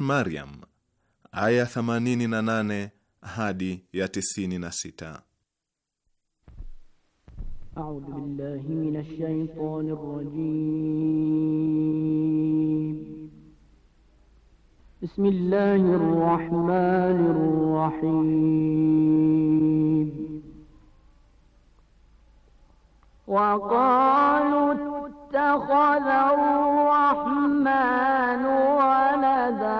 Maryam aya 88 hadi ya 96. A'udhu billahi rahmanu walada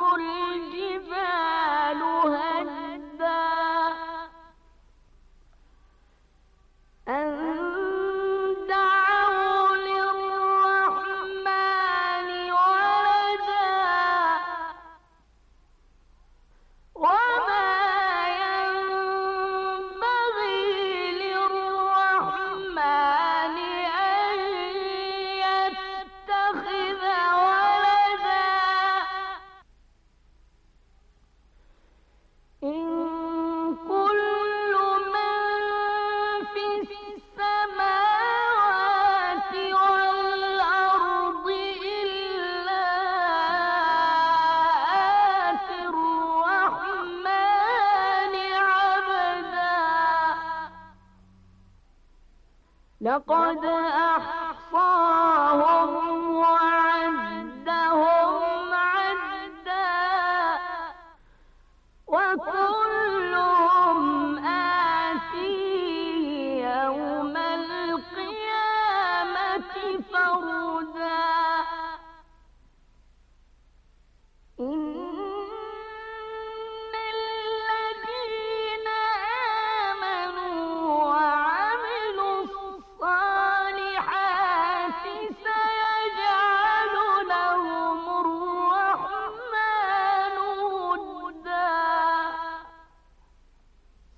لقد أحسن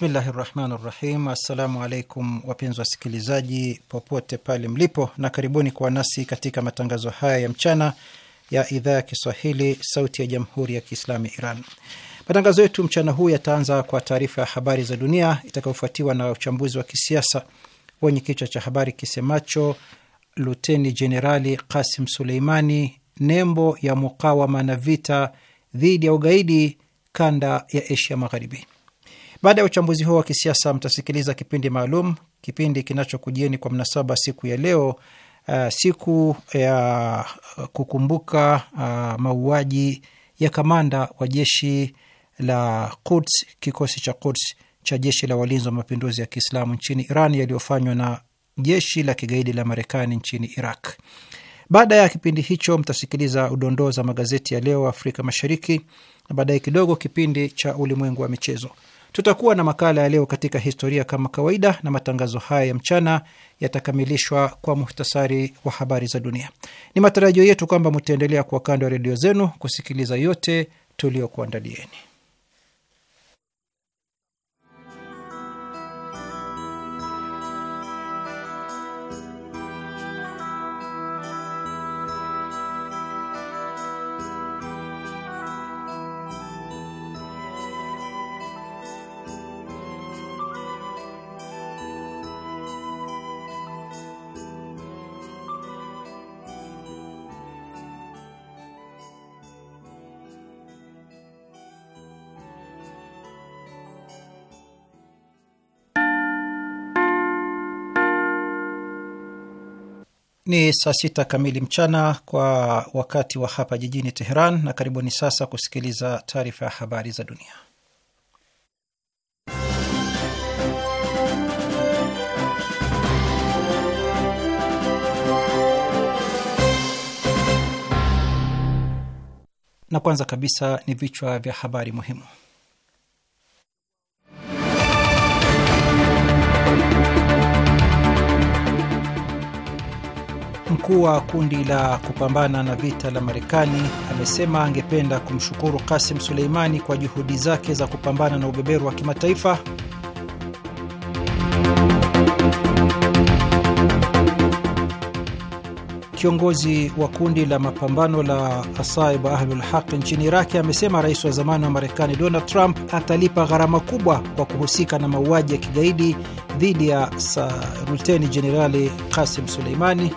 Bismillahi rahmani rahim. Assalamu alaikum wapenzi wasikilizaji popote pale mlipo, na karibuni kwa nasi katika matangazo haya ya mchana ya idhaa ya Kiswahili sauti ya jamhuri ya Kiislami Iran. Matangazo yetu mchana huu yataanza kwa taarifa ya habari za dunia itakayofuatiwa na uchambuzi wa kisiasa wenye kichwa cha habari kisemacho Luteni Jenerali Kasim Suleimani, nembo ya mukawama na vita dhidi ya ugaidi kanda ya Asia Magharibi. Baada ya uchambuzi huo wa kisiasa, mtasikiliza kipindi maalum, kipindi kinachokujieni kwa mnasaba siku ya leo, uh, siku ya uh, kukumbuka uh, mauaji ya kamanda wa jeshi la Quds, kikosi cha Quds cha jeshi la walinzi wa mapinduzi ya Kiislamu nchini Iran yaliyofanywa na jeshi la kigaidi la Marekani nchini Iraq. Baada ya kipindi hicho, mtasikiliza udondoo za magazeti ya leo Afrika Mashariki, na baadaye kidogo kipindi cha ulimwengu wa michezo. Tutakuwa na makala ya leo katika historia kama kawaida, na matangazo haya ya mchana yatakamilishwa kwa muhtasari wa habari za dunia. Ni matarajio yetu kwamba mtaendelea kuwa kando ya redio zenu kusikiliza yote tuliokuandalieni. Ni saa sita kamili mchana kwa wakati wa hapa jijini Teheran, na karibuni sasa kusikiliza taarifa ya habari za dunia. Na kwanza kabisa ni vichwa vya habari muhimu. Mkuu wa kundi la kupambana na vita la Marekani amesema angependa kumshukuru Kasim Suleimani kwa juhudi zake za kupambana na ubeberu wa kimataifa. Kiongozi wa kundi la mapambano la Asaiba Ahlul Haq nchini Iraki amesema rais wa zamani wa Marekani Donald Trump atalipa gharama kubwa kwa kuhusika na mauaji ya kigaidi dhidi ya Luteni Jenerali Kasim Suleimani.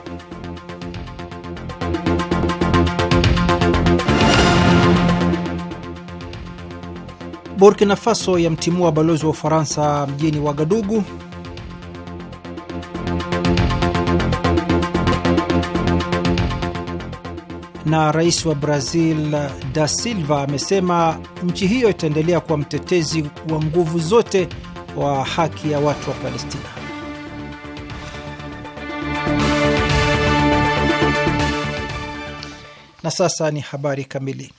Burkina Faso yamtimua balozi wa Ufaransa mjini Wagadugu. Na rais wa Brazil da Silva amesema nchi hiyo itaendelea kuwa mtetezi wa nguvu zote wa haki ya watu wa Palestina. Na sasa ni habari kamili.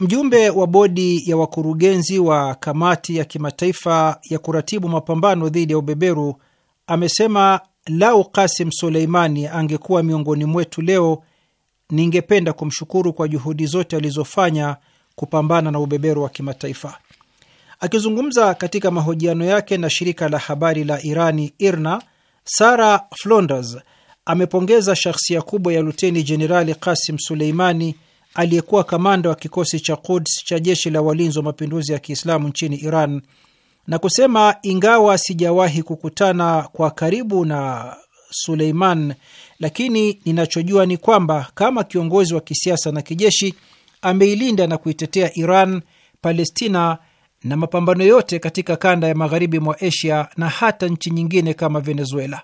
Mjumbe wa bodi ya wakurugenzi wa kamati ya kimataifa ya kuratibu mapambano dhidi ya ubeberu amesema lau Kasim Suleimani angekuwa miongoni mwetu leo, ningependa kumshukuru kwa juhudi zote alizofanya kupambana na ubeberu wa kimataifa. Akizungumza katika mahojiano yake na shirika la habari la Irani IRNA, Sara Flonders amepongeza shakhsia kubwa ya Luteni Jenerali Kasim Suleimani aliyekuwa kamanda wa kikosi cha Quds cha jeshi la walinzi wa mapinduzi ya Kiislamu nchini Iran na kusema, ingawa sijawahi kukutana kwa karibu na Suleiman, lakini ninachojua ni kwamba kama kiongozi wa kisiasa na kijeshi ameilinda na kuitetea Iran, Palestina na mapambano yote katika kanda ya magharibi mwa Asia na hata nchi nyingine kama Venezuela.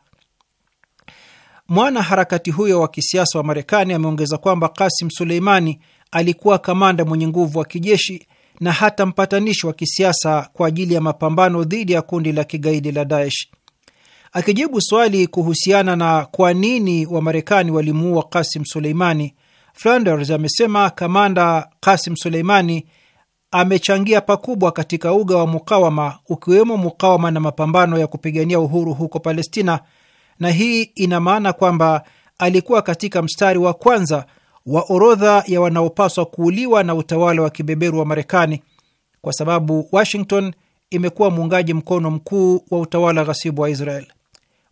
Mwana harakati huyo wa kisiasa wa Marekani ameongeza kwamba Kasim Suleimani alikuwa kamanda mwenye nguvu wa kijeshi na hata mpatanishi wa kisiasa kwa ajili ya mapambano dhidi ya kundi la kigaidi la Daesh. Akijibu swali kuhusiana na kwa nini wa marekani walimuua Kasim Suleimani, Flanders amesema kamanda Kasim Suleimani amechangia pakubwa katika uga wa mukawama, ukiwemo mukawama na mapambano ya kupigania uhuru huko Palestina na hii ina maana kwamba alikuwa katika mstari wa kwanza wa orodha ya wanaopaswa kuuliwa na utawala wa kibeberu wa Marekani, kwa sababu Washington imekuwa muungaji mkono mkuu wa utawala ghasibu wa Israel.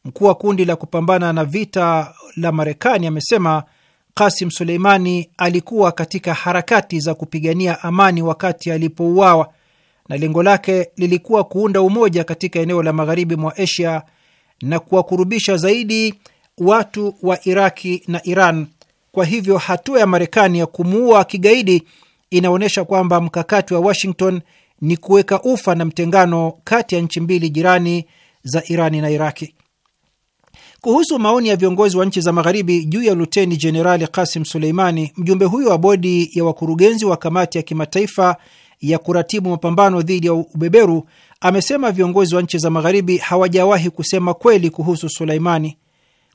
Mkuu wa kundi la kupambana na vita la Marekani amesema Kasim Suleimani alikuwa katika harakati za kupigania amani wakati alipouawa, na lengo lake lilikuwa kuunda umoja katika eneo la magharibi mwa Asia na kuwakurubisha zaidi watu wa Iraki na Iran. Kwa hivyo hatua ya Marekani ya kumuua kigaidi inaonyesha kwamba mkakati wa Washington ni kuweka ufa na mtengano kati ya nchi mbili jirani za Irani na Iraki. Kuhusu maoni ya viongozi wa nchi za magharibi juu ya luteni jenerali Kasim Suleimani, mjumbe huyo wa bodi ya wakurugenzi wa kamati ya kimataifa ya kuratibu mapambano dhidi ya ubeberu amesema viongozi wa nchi za magharibi hawajawahi kusema kweli kuhusu Suleimani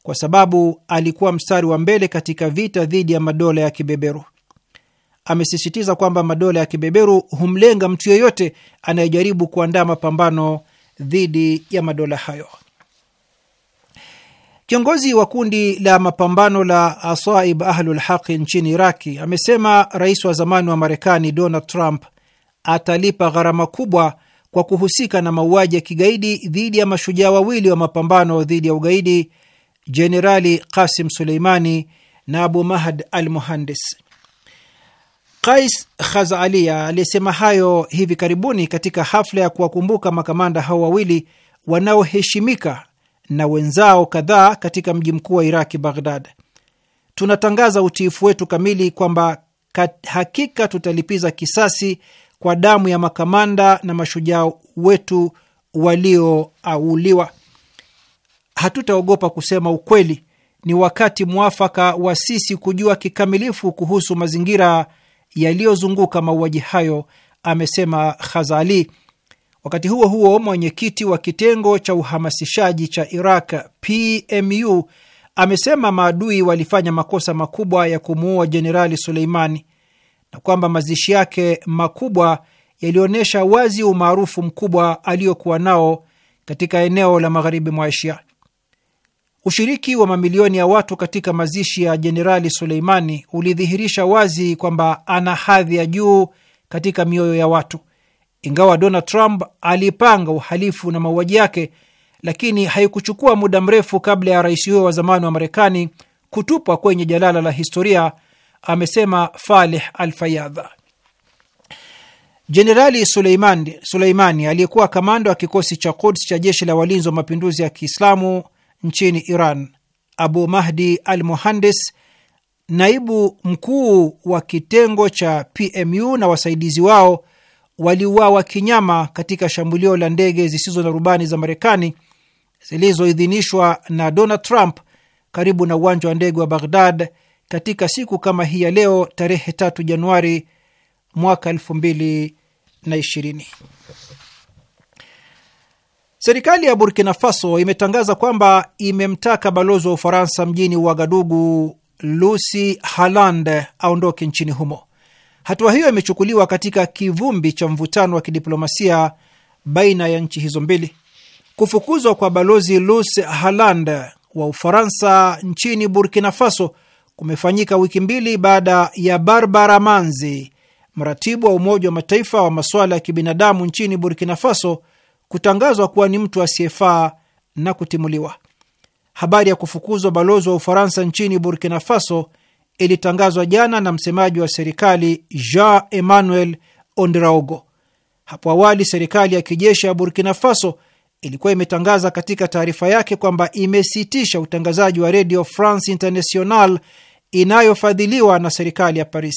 kwa sababu alikuwa mstari wa mbele katika vita dhidi ya madola ya kibeberu. Amesisitiza kwamba madola ya kibeberu humlenga mtu yeyote anayejaribu kuandaa mapambano dhidi ya madola hayo. Kiongozi wa kundi la mapambano la Asaib Ahlul Haqi nchini Iraki amesema rais wa zamani wa Marekani Donald Trump atalipa gharama kubwa kwa kuhusika na mauaji ya kigaidi dhidi ya mashujaa wawili wa mapambano dhidi ya ugaidi, Jenerali Qasim Suleimani na Abu Mahad al Muhandis. Kais Khazalia aliyesema hayo hivi karibuni katika hafla ya kuwakumbuka makamanda hao wawili wanaoheshimika na wenzao kadhaa katika mji mkuu wa Iraki, Baghdad. Tunatangaza utiifu wetu kamili kwamba hakika tutalipiza kisasi kwa damu ya makamanda na mashujaa wetu walioauliwa. Hatutaogopa kusema ukweli. Ni wakati mwafaka wa sisi kujua kikamilifu kuhusu mazingira yaliyozunguka mauaji hayo, amesema Khazali. Wakati huo huo, mwenyekiti wa kitengo cha uhamasishaji cha Iraq PMU amesema maadui walifanya makosa makubwa ya kumuua Jenerali Suleimani na kwamba mazishi yake makubwa yalionyesha wazi umaarufu mkubwa aliyokuwa nao katika eneo la magharibi mwa Asia. Ushiriki wa mamilioni ya watu katika mazishi ya Jenerali Suleimani ulidhihirisha wazi kwamba ana hadhi ya juu katika mioyo ya watu. Ingawa Donald Trump alipanga uhalifu na mauaji yake, lakini haikuchukua muda mrefu kabla ya rais huyo wa zamani wa Marekani kutupwa kwenye jalala la historia amesema Faleh Alfayadha. Jenerali Suleimani, Suleimani aliyekuwa kamanda wa kikosi cha Quds cha jeshi la walinzi wa mapinduzi ya Kiislamu nchini Iran, Abu Mahdi al Muhandis, naibu mkuu wa kitengo cha PMU na wasaidizi wao waliuawa kinyama katika shambulio la ndege zisizo na rubani za Marekani zilizoidhinishwa na Donald Trump karibu na uwanja wa ndege wa Baghdad katika siku kama hii ya leo tarehe tatu Januari mwaka elfu mbili na ishirini. Serikali ya Burkina Faso imetangaza kwamba imemtaka balozi wa Ufaransa mjini wagadugu Lusi Haland, aondoke nchini humo. Hatua hiyo imechukuliwa katika kivumbi cha mvutano wa kidiplomasia baina ya nchi hizo mbili. Kufukuzwa kwa balozi Lusi Haland wa Ufaransa nchini Burkina Faso kumefanyika wiki mbili baada ya Barbara Manzi, mratibu wa Umoja wa Mataifa wa masuala ya kibinadamu nchini Burkina Faso, kutangazwa kuwa ni mtu asiyefaa na kutimuliwa. Habari ya kufukuzwa balozi wa Ufaransa nchini Burkina Faso ilitangazwa jana na msemaji wa serikali Jean Emmanuel Ondraogo. Hapo awali serikali ya kijeshi ya Burkina Faso ilikuwa imetangaza katika taarifa yake kwamba imesitisha utangazaji wa radio France International inayofadhiliwa na serikali ya Paris.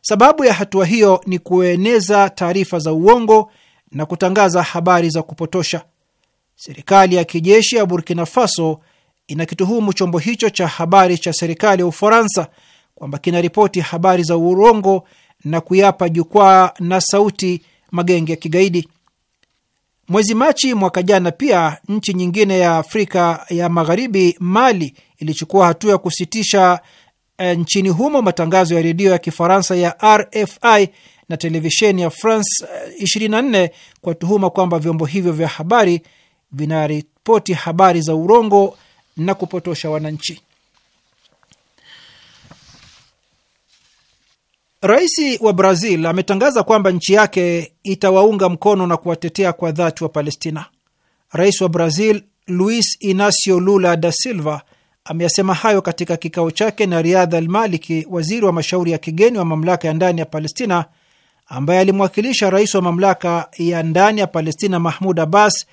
Sababu ya hatua hiyo ni kueneza taarifa za uongo na kutangaza habari za kupotosha. Serikali ya kijeshi ya Burkina Faso inakituhumu chombo hicho cha habari cha serikali ya Ufaransa kwamba kinaripoti habari za urongo na kuyapa jukwaa na sauti magenge ya kigaidi. Mwezi Machi mwaka jana, pia nchi nyingine ya Afrika ya Magharibi, Mali, ilichukua hatua ya kusitisha eh, nchini humo matangazo ya redio ya Kifaransa ya RFI na televisheni ya France 24 eh, kwa tuhuma kwamba vyombo hivyo vya habari vinaripoti habari za urongo na kupotosha wananchi. Rais wa Brazil ametangaza kwamba nchi yake itawaunga mkono na kuwatetea kwa dhati wa Palestina. Rais wa Brazil Luis Inacio Lula da Silva ameyasema hayo katika kikao chake na Riadh Almaliki, waziri wa mashauri ya kigeni wa mamlaka ya ndani ya Palestina, ambaye alimwakilisha rais wa mamlaka ya ndani ya Palestina Mahmud Abbas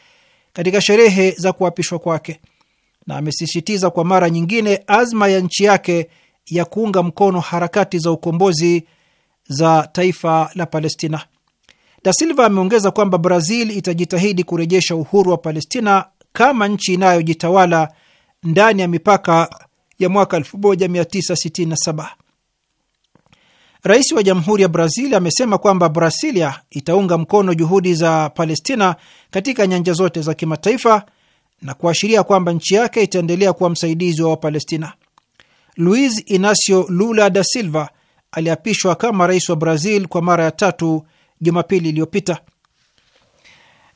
katika sherehe za kuapishwa kwake, na amesisitiza kwa mara nyingine azma ya nchi yake ya kuunga mkono harakati za ukombozi za taifa la Palestina. Da Silva ameongeza kwamba Brazil itajitahidi kurejesha uhuru wa Palestina kama nchi inayojitawala ndani ya mipaka ya mwaka 1967. Rais wa Jamhuri ya Brazil amesema kwamba Brasilia itaunga mkono juhudi za Palestina katika nyanja zote za kimataifa na kuashiria kwamba nchi yake itaendelea kuwa msaidizi wa Wapalestina luis Inacio Lula da Silva aliapishwa kama rais wa Brazil kwa mara ya tatu Jumapili iliyopita.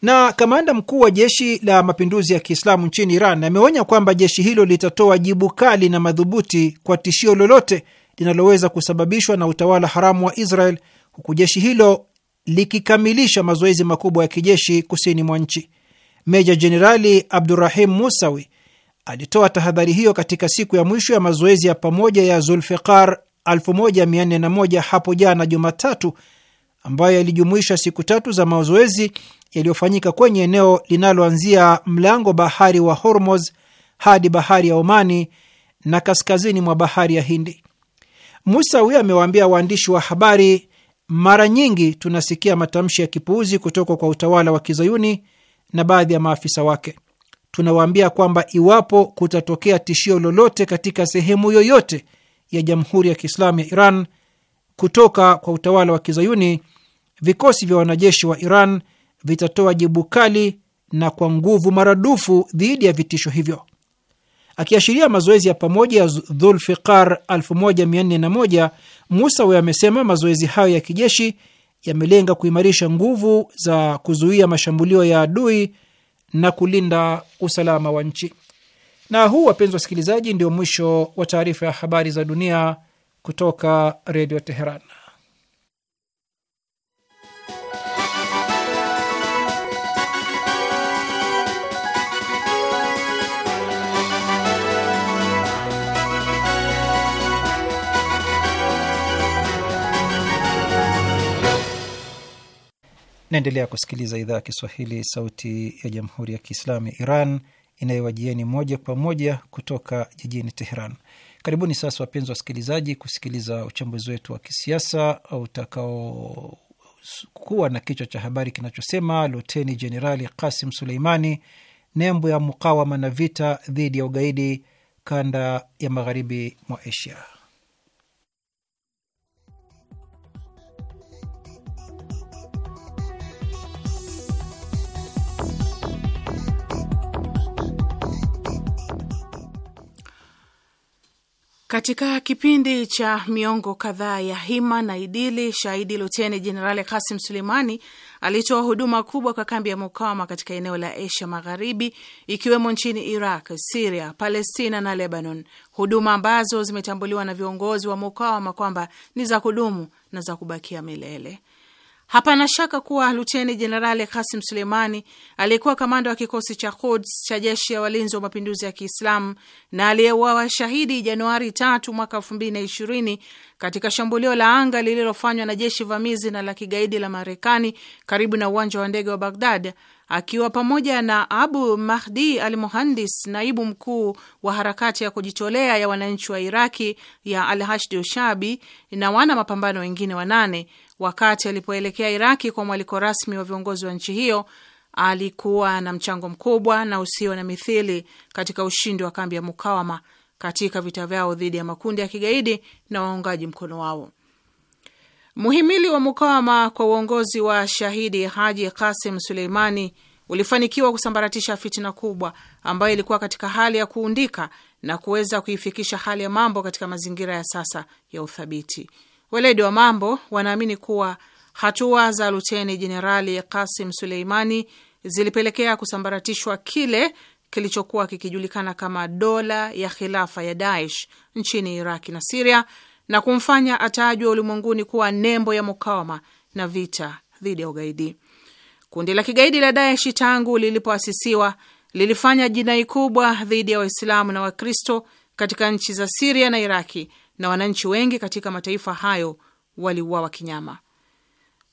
Na kamanda mkuu wa jeshi la mapinduzi ya Kiislamu nchini Iran ameonya kwamba jeshi hilo litatoa jibu kali na madhubuti kwa tishio lolote linaloweza kusababishwa na utawala haramu wa Israel, huku jeshi hilo likikamilisha mazoezi makubwa ya kijeshi kusini mwa nchi. Meja Jenerali Abdurahim Musawi Alitoa tahadhari hiyo katika siku ya mwisho ya mazoezi ya pamoja ya Zulfiqar 1401 hapo jana Jumatatu, ambayo yalijumuisha siku tatu za mazoezi yaliyofanyika kwenye eneo linaloanzia mlango bahari wa Hormuz hadi bahari ya Omani na kaskazini mwa bahari ya Hindi. musa huyo amewaambia waandishi wa habari, mara nyingi tunasikia matamshi ya kipuuzi kutoka kwa utawala wa kizayuni na baadhi ya maafisa wake tunawaambia kwamba iwapo kutatokea tishio lolote katika sehemu yoyote ya Jamhuri ya Kiislamu ya Iran kutoka kwa utawala wa Kizayuni, vikosi vya wanajeshi wa Iran vitatoa jibu kali na kwa nguvu maradufu dhidi ya vitisho hivyo. Akiashiria mazoezi ya pamoja ya Dhulfiqar 1401 we amesema mazoezi hayo ya kijeshi yamelenga kuimarisha nguvu za kuzuia mashambulio ya adui na kulinda usalama wa nchi. Na huu, wapenzi wasikilizaji, ndio mwisho wa taarifa ya habari za dunia kutoka Redio Teheran. Naendelea kusikiliza idhaa ya Kiswahili, sauti ya jamhuri ya kiislamu ya Iran inayowajieni moja kwa moja kutoka jijini Teheran. Karibuni sasa, wapenzi wasikilizaji, kusikiliza uchambuzi wetu wa kisiasa utakaokuwa na kichwa cha habari kinachosema Luteni Jenerali Kasim Suleimani, nembo ya mukawama na vita dhidi ya ugaidi kanda ya magharibi mwa Asia. Katika kipindi cha miongo kadhaa ya hima na idili, shahidi luteni jenerali Kasim Sulemani alitoa huduma kubwa kwa kambi ya mukawama katika eneo la Asia Magharibi, ikiwemo nchini Iraq, Siria, Palestina na Lebanon, huduma ambazo zimetambuliwa na viongozi wa mukawama kwamba ni za kudumu na za kubakia milele. Hapana shaka kuwa Luteni Jenerali Kasim Suleimani aliyekuwa kamanda wa kikosi cha Quds cha jeshi ya walinzi wa mapinduzi ya Kiislamu na aliyeuawa shahidi Januari tatu mwaka elfu mbili na ishirini katika shambulio la anga lililofanywa na jeshi vamizi na la kigaidi la Marekani karibu na uwanja wa ndege wa Baghdad akiwa pamoja na Abu Mahdi al Muhandis, naibu mkuu wa harakati ya kujitolea ya wananchi wa Iraki ya Al Hashdi ushabi na wana mapambano wengine wanane wakati alipoelekea Iraki kwa mwaliko rasmi wa viongozi wa nchi hiyo, alikuwa na mchango mkubwa na usio na mithili katika ushindi wa kambi ya mukawama katika vita vyao dhidi ya makundi ya kigaidi na waungaji mkono wao. Muhimili wa mukawama kwa uongozi wa shahidi Haji Kasim Suleimani ulifanikiwa kusambaratisha fitina kubwa ambayo ilikuwa katika hali ya kuundika na kuweza kuifikisha hali ya mambo katika mazingira ya sasa ya uthabiti. Weledi wa mambo wanaamini kuwa hatua za Luteni Jenerali Kasim Suleimani zilipelekea kusambaratishwa kile kilichokuwa kikijulikana kama dola ya khilafa ya Daesh nchini Iraki na Siria na kumfanya atajwa ulimwenguni kuwa nembo ya mukawama na vita dhidi ya ugaidi. Kundi la kigaidi la Daesh tangu lilipoasisiwa lilifanya jinai kubwa dhidi ya Waislamu na Wakristo katika nchi za Siria na Iraki na wananchi wengi katika mataifa hayo waliuawa kinyama.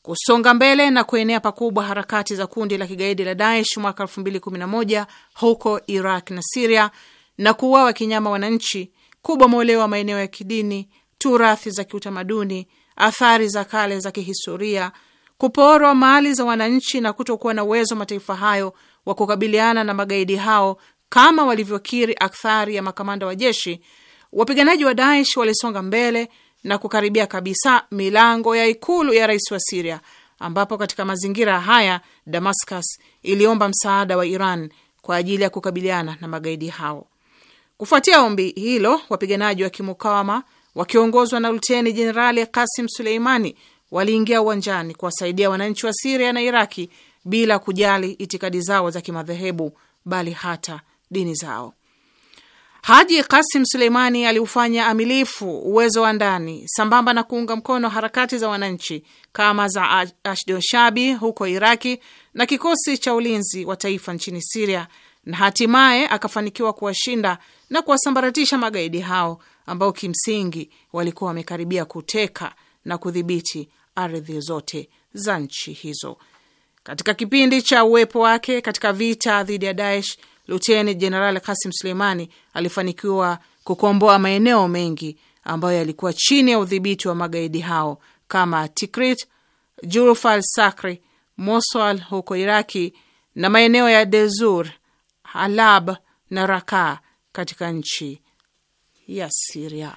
Kusonga mbele na kuenea pakubwa harakati za kundi la kigaidi la Daesh mwaka 2011 huko Iraq na Siria na kuuawa kinyama wananchi, kubomolewa maeneo ya kidini, turathi za kiutamaduni, athari za kale za kihistoria, kuporwa mali za wananchi na kutokuwa na uwezo mataifa hayo wa kukabiliana na magaidi hao kama walivyokiri akthari ya makamanda wa jeshi Wapiganaji wa Daesh walisonga mbele na kukaribia kabisa milango ya ikulu ya rais wa Siria, ambapo katika mazingira haya Damascus iliomba msaada wa Iran kwa ajili ya kukabiliana na magaidi hao. Kufuatia ombi hilo, wapiganaji wa kimukawama wakiongozwa na Luteni Jenerali Kasim Suleimani waliingia uwanjani kuwasaidia wananchi wa Siria na Iraki bila kujali itikadi zao za kimadhehebu, bali hata dini zao. Haji Kasim Suleimani aliufanya amilifu uwezo wa ndani sambamba na kuunga mkono harakati za wananchi kama za Ashdoshabi huko Iraki na kikosi cha ulinzi wa taifa nchini Siria, na hatimaye akafanikiwa kuwashinda na kuwasambaratisha magaidi hao ambao kimsingi walikuwa wamekaribia kuteka na kudhibiti ardhi zote za nchi hizo. Katika kipindi cha uwepo wake katika vita dhidi ya Daesh, Luteni Jenerali Kasim Suleimani alifanikiwa kukomboa maeneo mengi ambayo yalikuwa chini ya udhibiti wa magaidi hao kama Tikrit, jurufal Sakri, Moswal huko Iraki na maeneo ya Dezur, Halab na Raka katika nchi ya Siria.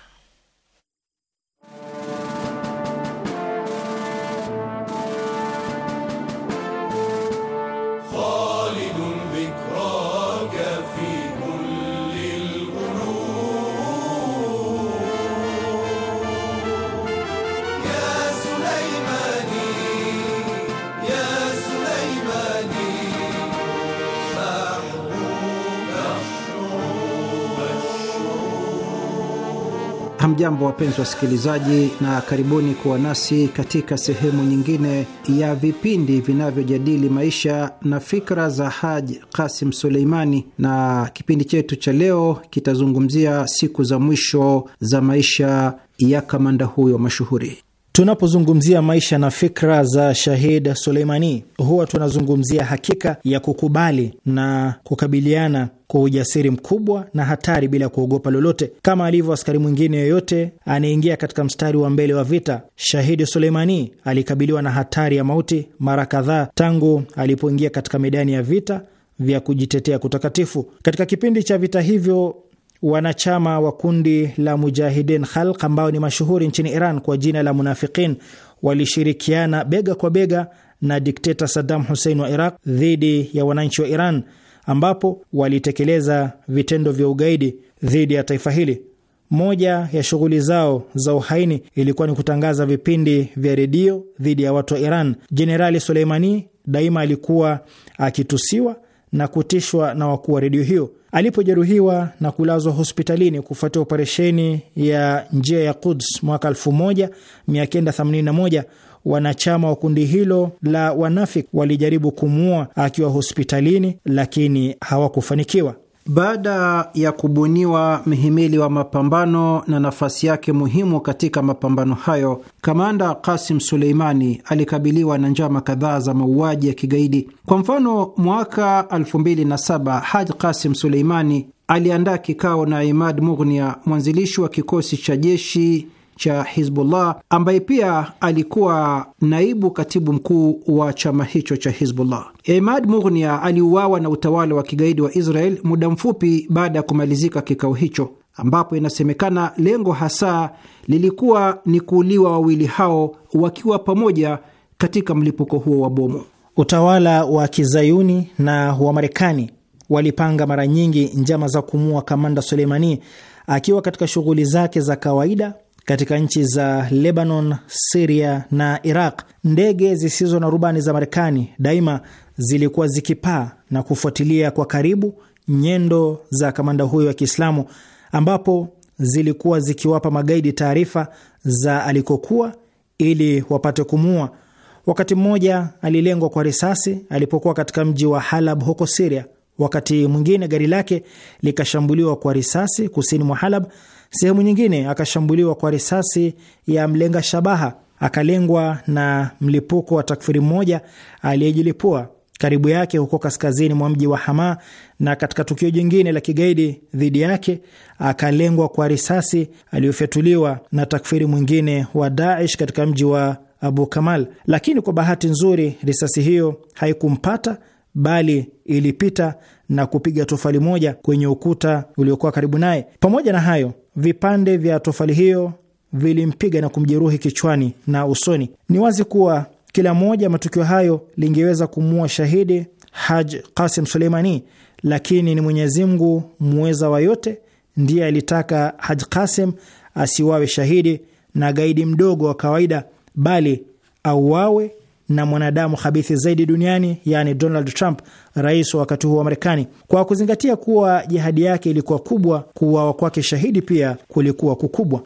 Hamjambo, wapenzi wasikilizaji, na karibuni kuwa nasi katika sehemu nyingine ya vipindi vinavyojadili maisha na fikra za Haj Kasim Suleimani, na kipindi chetu cha leo kitazungumzia siku za mwisho za maisha ya kamanda huyo mashuhuri. Tunapozungumzia maisha na fikra za Shahid Suleimani, huwa tunazungumzia hakika ya kukubali na kukabiliana kwa ujasiri mkubwa na hatari bila kuogopa lolote. Kama alivyo askari mwingine yoyote anayeingia katika mstari wa mbele wa vita, Shahidi Suleimani alikabiliwa na hatari ya mauti mara kadhaa tangu alipoingia katika medani ya vita vya kujitetea kutakatifu. Katika kipindi cha vita hivyo wanachama wa kundi la Mujahidin Khalq ambao ni mashuhuri nchini Iran kwa jina la Munafiqin walishirikiana bega kwa bega na dikteta Saddam Hussein wa Iraq dhidi ya wananchi wa Iran ambapo walitekeleza vitendo vya ugaidi dhidi ya taifa hili. Moja ya shughuli zao za uhaini ilikuwa ni kutangaza vipindi vya redio dhidi ya watu wa Iran. Jenerali Suleimani daima alikuwa akitusiwa na kutishwa na wakuu wa redio hiyo. Alipojeruhiwa na kulazwa hospitalini kufuatia operesheni ya njia ya Quds mwaka 1981 wanachama wa kundi hilo la wanafiki walijaribu kumuua akiwa hospitalini, lakini hawakufanikiwa. Baada ya kubuniwa mhimili wa mapambano na nafasi yake muhimu katika mapambano hayo, kamanda Kasim Suleimani alikabiliwa na njama kadhaa za mauaji ya kigaidi. Kwa mfano, mwaka 2007 Haj Kasim Suleimani aliandaa kikao na Imad Mughnia, mwanzilishi wa kikosi cha jeshi cha Hizbullah ambaye pia alikuwa naibu katibu mkuu wa chama hicho cha Hizbullah. emad Mughnia aliuawa na utawala wa kigaidi wa Israel muda mfupi baada ya kumalizika kikao hicho, ambapo inasemekana lengo hasa lilikuwa ni kuuliwa wawili hao wakiwa pamoja katika mlipuko huo wa bomu. Utawala wa kizayuni na wa Marekani walipanga mara nyingi njama za kumua kamanda Suleimani akiwa katika shughuli zake za kawaida katika nchi za Lebanon, Siria na Iraq, ndege zisizo na rubani za Marekani daima zilikuwa zikipaa na kufuatilia kwa karibu nyendo za kamanda huyo wa Kiislamu, ambapo zilikuwa zikiwapa magaidi taarifa za alikokuwa ili wapate kumua. Wakati mmoja alilengwa kwa risasi alipokuwa katika mji wa Halab huko Siria. Wakati mwingine gari lake likashambuliwa kwa risasi kusini mwa Halab Sehemu nyingine akashambuliwa kwa risasi ya mlenga shabaha, akalengwa na mlipuko wa takfiri mmoja aliyejilipua karibu yake huko kaskazini mwa mji wa Hama, na katika tukio jingine la kigaidi dhidi yake akalengwa kwa risasi aliyofyatuliwa na takfiri mwingine wa Daesh katika mji wa Abu Kamal, lakini kwa bahati nzuri risasi hiyo haikumpata bali ilipita na kupiga tofali moja kwenye ukuta uliokuwa karibu naye. Pamoja na hayo, vipande vya tofali hiyo vilimpiga na kumjeruhi kichwani na usoni. Ni wazi kuwa kila moja matukio hayo lingeweza kumua shahidi Haj Qasim Suleimani, lakini ni Mwenyezi Mungu muweza wa yote ndiye alitaka Haj Qasim asiwawe shahidi na gaidi mdogo wa kawaida, bali auawe na mwanadamu habithi zaidi duniani, yani Donald Trump, rais wa wakati huo wa Marekani. Kwa kuzingatia kuwa jihadi yake ilikuwa kubwa, kuuawa kwake shahidi pia kulikuwa kukubwa.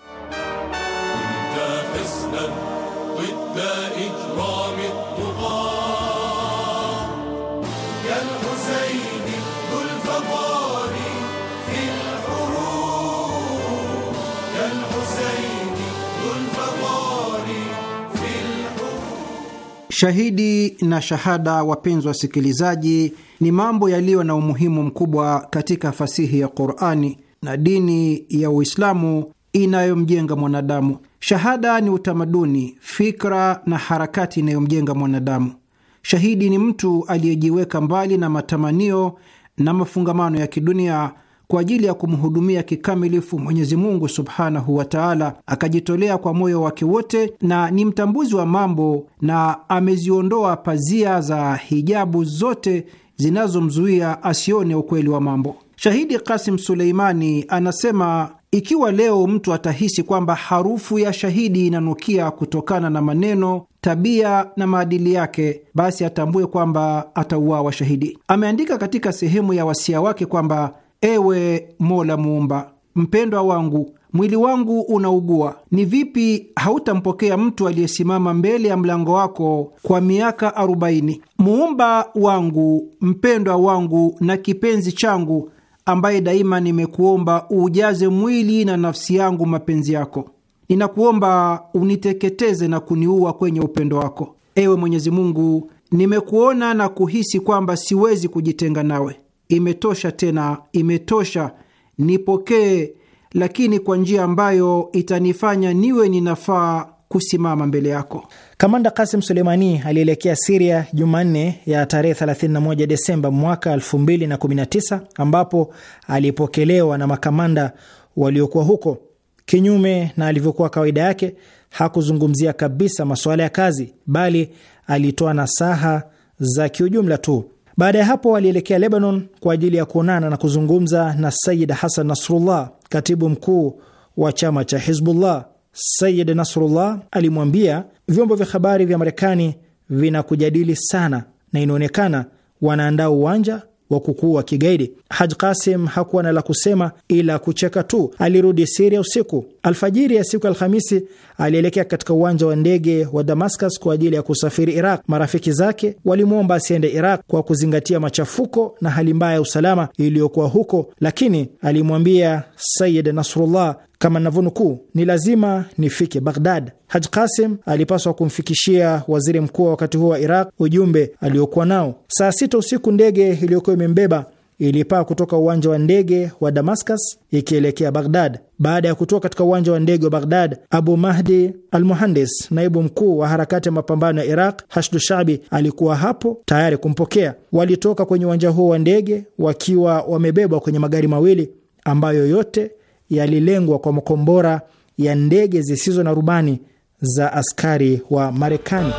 Shahidi na shahada, wapenzi wasikilizaji, ni mambo yaliyo na umuhimu mkubwa katika fasihi ya Qurani na dini ya Uislamu inayomjenga mwanadamu. Shahada ni utamaduni, fikra na harakati inayomjenga mwanadamu. Shahidi ni mtu aliyejiweka mbali na matamanio na mafungamano ya kidunia kwa ajili ya kumhudumia kikamilifu Mwenyezi Mungu subhanahu wa taala, akajitolea kwa moyo wake wote na ni mtambuzi wa mambo, na ameziondoa pazia za hijabu zote zinazomzuia asione ukweli wa mambo. Shahidi Kasim Suleimani anasema ikiwa leo mtu atahisi kwamba harufu ya shahidi inanukia kutokana na maneno, tabia na maadili yake, basi atambue kwamba atauawa shahidi. Ameandika katika sehemu ya wasia wake kwamba Ewe Mola Muumba, mpendwa wangu, mwili wangu unaugua. Ni vipi hautampokea mtu aliyesimama mbele ya mlango wako kwa miaka arobaini? Muumba wangu, mpendwa wangu na kipenzi changu, ambaye daima nimekuomba uujaze mwili na nafsi yangu mapenzi yako, ninakuomba uniteketeze na kuniua kwenye upendo wako. Ewe Mwenyezi Mungu, nimekuona na kuhisi kwamba siwezi kujitenga nawe Imetosha tena, imetosha, nipokee, lakini kwa njia ambayo itanifanya niwe ninafaa kusimama mbele yako. Kamanda Kasim Suleimani alielekea Siria Jumanne ya tarehe 31 Desemba mwaka 2019 ambapo alipokelewa na makamanda waliokuwa huko. Kinyume na alivyokuwa kawaida yake, hakuzungumzia kabisa masuala ya kazi, bali alitoa nasaha za kiujumla tu baada ya hapo alielekea Lebanon kwa ajili ya kuonana na kuzungumza na Sayid Hasan Nasrullah, katibu mkuu wa chama cha Hizbullah. Sayid Nasrullah alimwambia, vyombo vya habari vya Marekani vinakujadili sana na inaonekana wanaandaa uwanja wakukuu wa kigaidi. Haj Qasim hakuwa na la kusema ila kucheka tu. Alirudi Siria usiku. Alfajiri ya siku Alhamisi alielekea katika uwanja wa ndege wa Damascus kwa ajili ya kusafiri Iraq. Marafiki zake walimwomba asiende Iraq kwa kuzingatia machafuko na hali mbaya ya usalama iliyokuwa huko, lakini alimwambia Sayid Nasrullah kama navyonukuu, ni lazima nifike Baghdad. Haj Qasim alipaswa kumfikishia waziri mkuu wa wakati huo wa Iraq ujumbe aliokuwa nao. Saa sita usiku ndege iliyokuwa imembeba ilipaa kutoka uwanja wa ndege wa Damascus ikielekea Baghdad. Baada ya kutoka katika uwanja wa ndege wa Baghdad, Abu Mahdi al Muhandis, naibu mkuu wa harakati ya mapambano ya Iraq, Hashdu Shabi, alikuwa hapo tayari kumpokea. Walitoka kwenye uwanja huo wa ndege wakiwa wamebebwa kwenye magari mawili ambayo yote yalilengwa kwa makombora ya ndege zisizo na rubani za askari wa Marekani.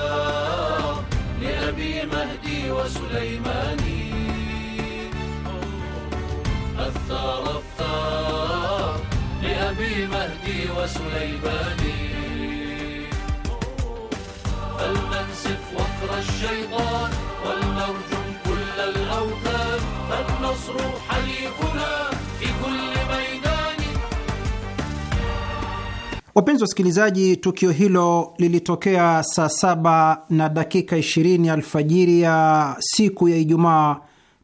Wapenzi wasikilizaji, tukio hilo lilitokea saa saba na dakika 20 alfajiri ya siku ya Ijumaa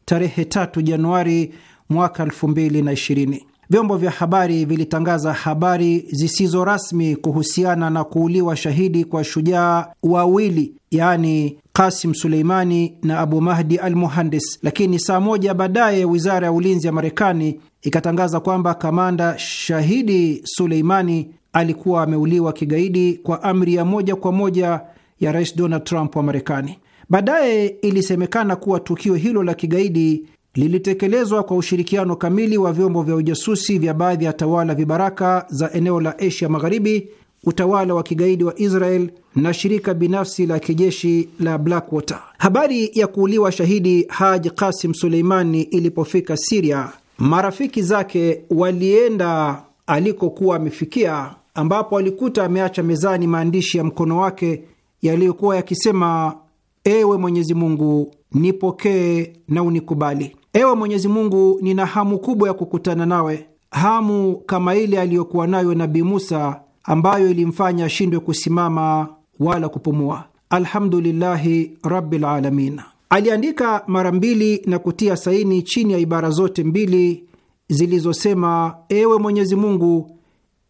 tarehe 3 Januari mwaka 2020. Vyombo vya habari vilitangaza habari zisizo rasmi kuhusiana na kuuliwa shahidi kwa shujaa wawili, yaani Kasim Suleimani na Abu Mahdi al Muhandis, lakini saa moja baadaye wizara ya ulinzi ya Marekani ikatangaza kwamba kamanda shahidi Suleimani alikuwa ameuliwa kigaidi kwa amri ya moja kwa moja ya Rais Donald Trump wa Marekani. Baadaye ilisemekana kuwa tukio hilo la kigaidi lilitekelezwa kwa ushirikiano kamili wa vyombo vya ujasusi vya baadhi ya tawala vibaraka za eneo la Asia Magharibi, utawala wa kigaidi wa Israel na shirika binafsi la kijeshi la Blackwater. Habari ya kuuliwa shahidi Haj Qasim Suleimani ilipofika Siria, marafiki zake walienda alikokuwa amefikia ambapo alikuta ameacha mezani maandishi ya mkono wake yaliyokuwa yakisema: ewe Mwenyezi Mungu nipokee na unikubali. Ewe Mwenyezi Mungu, nina hamu kubwa ya kukutana nawe, hamu kama ile aliyokuwa nayo Nabii Musa ambayo ilimfanya ashindwe kusimama wala kupumua. Alhamdulillahi rabbil alamin. Aliandika mara mbili na kutia saini chini ya ibara zote mbili zilizosema: ewe Mwenyezi Mungu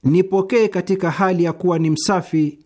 nipokee katika hali ya kuwa ni msafi,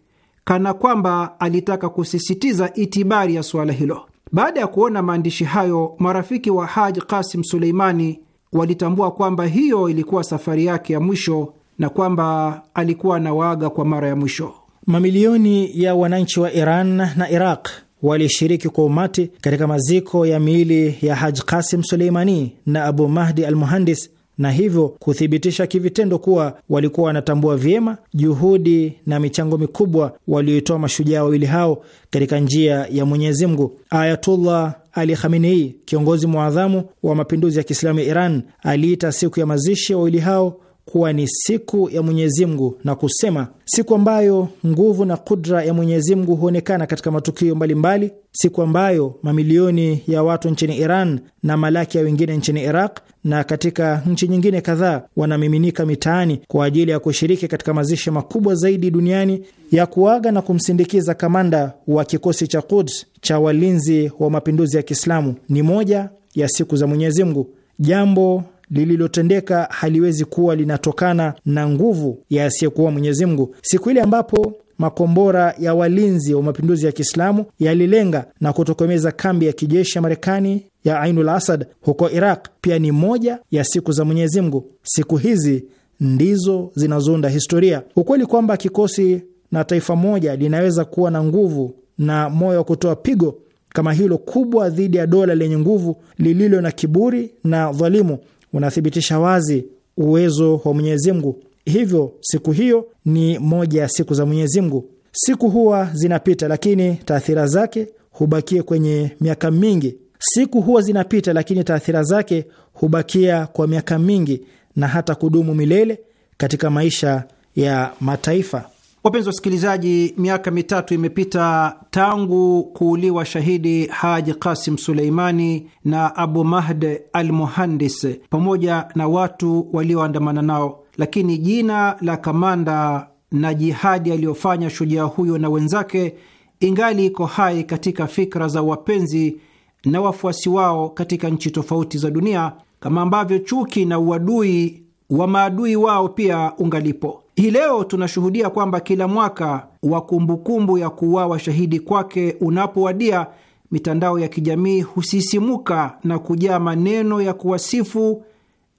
kana kwamba alitaka kusisitiza itibari ya suala hilo. Baada ya kuona maandishi hayo, marafiki wa Haji Kasim Suleimani walitambua kwamba hiyo ilikuwa safari yake ya mwisho na kwamba alikuwa anawaaga kwa mara ya mwisho. Mamilioni ya wananchi wa Iran na Iraq walishiriki kwa umati katika maziko ya miili ya haj Kasim Suleimani na Abu Mahdi al Muhandis na hivyo kuthibitisha kivitendo kuwa walikuwa wanatambua vyema juhudi na michango mikubwa walioitoa mashujaa wawili hao katika njia ya Mwenyezi Mungu. Ayatullah Ali Khamenei, kiongozi mwadhamu wa mapinduzi ya Kiislamu ya Iran, aliita siku ya mazishi ya wawili hao kuwa ni siku ya Mwenyezi Mungu na kusema, siku ambayo nguvu na kudra ya Mwenyezi Mungu huonekana katika matukio mbalimbali mbali, siku ambayo mamilioni ya watu nchini Iran na malaki ya wengine nchini Iraq na katika nchi nyingine kadhaa wanamiminika mitaani kwa ajili ya kushiriki katika mazishi makubwa zaidi duniani ya kuaga na kumsindikiza kamanda wa kikosi cha Quds cha walinzi wa mapinduzi ya Kiislamu, ni moja ya siku za Mwenyezi Mungu, jambo lililotendeka haliwezi kuwa linatokana na nguvu ya asiyekuwa Mwenyezi Mungu. Siku ile ambapo makombora ya walinzi wa mapinduzi ya Kiislamu yalilenga na kutokomeza kambi ya kijeshi ya Marekani ya Ainul Asad huko Iraq pia ni moja ya siku za Mwenyezi Mungu. Siku hizi ndizo zinazounda historia. Ukweli kwamba kikosi na taifa moja linaweza kuwa na nguvu na moyo wa kutoa pigo kama hilo kubwa dhidi ya dola lenye nguvu lililo na kiburi na dhalimu unathibitisha wazi uwezo wa Mwenyezi Mungu. Hivyo siku hiyo ni moja ya siku za Mwenyezi Mungu. Siku huwa zinapita, lakini taathira zake hubakia kwenye miaka mingi. Siku huwa zinapita, lakini taathira zake hubakia kwa miaka mingi na hata kudumu milele katika maisha ya mataifa. Wapenzi wasikilizaji, miaka mitatu imepita tangu kuuliwa shahidi Haji Qasim Suleimani na Abu Mahd al Muhandis pamoja na watu walioandamana nao, lakini jina la kamanda na jihadi aliyofanya shujaa huyo na wenzake ingali iko hai katika fikra za wapenzi na wafuasi wao katika nchi tofauti za dunia, kama ambavyo chuki na uadui wa maadui wao pia ungalipo. Hii leo tunashuhudia kwamba kila mwaka wa kumbukumbu ya kuuawa shahidi kwake unapowadia, mitandao ya kijamii husisimuka na kujaa maneno ya kuwasifu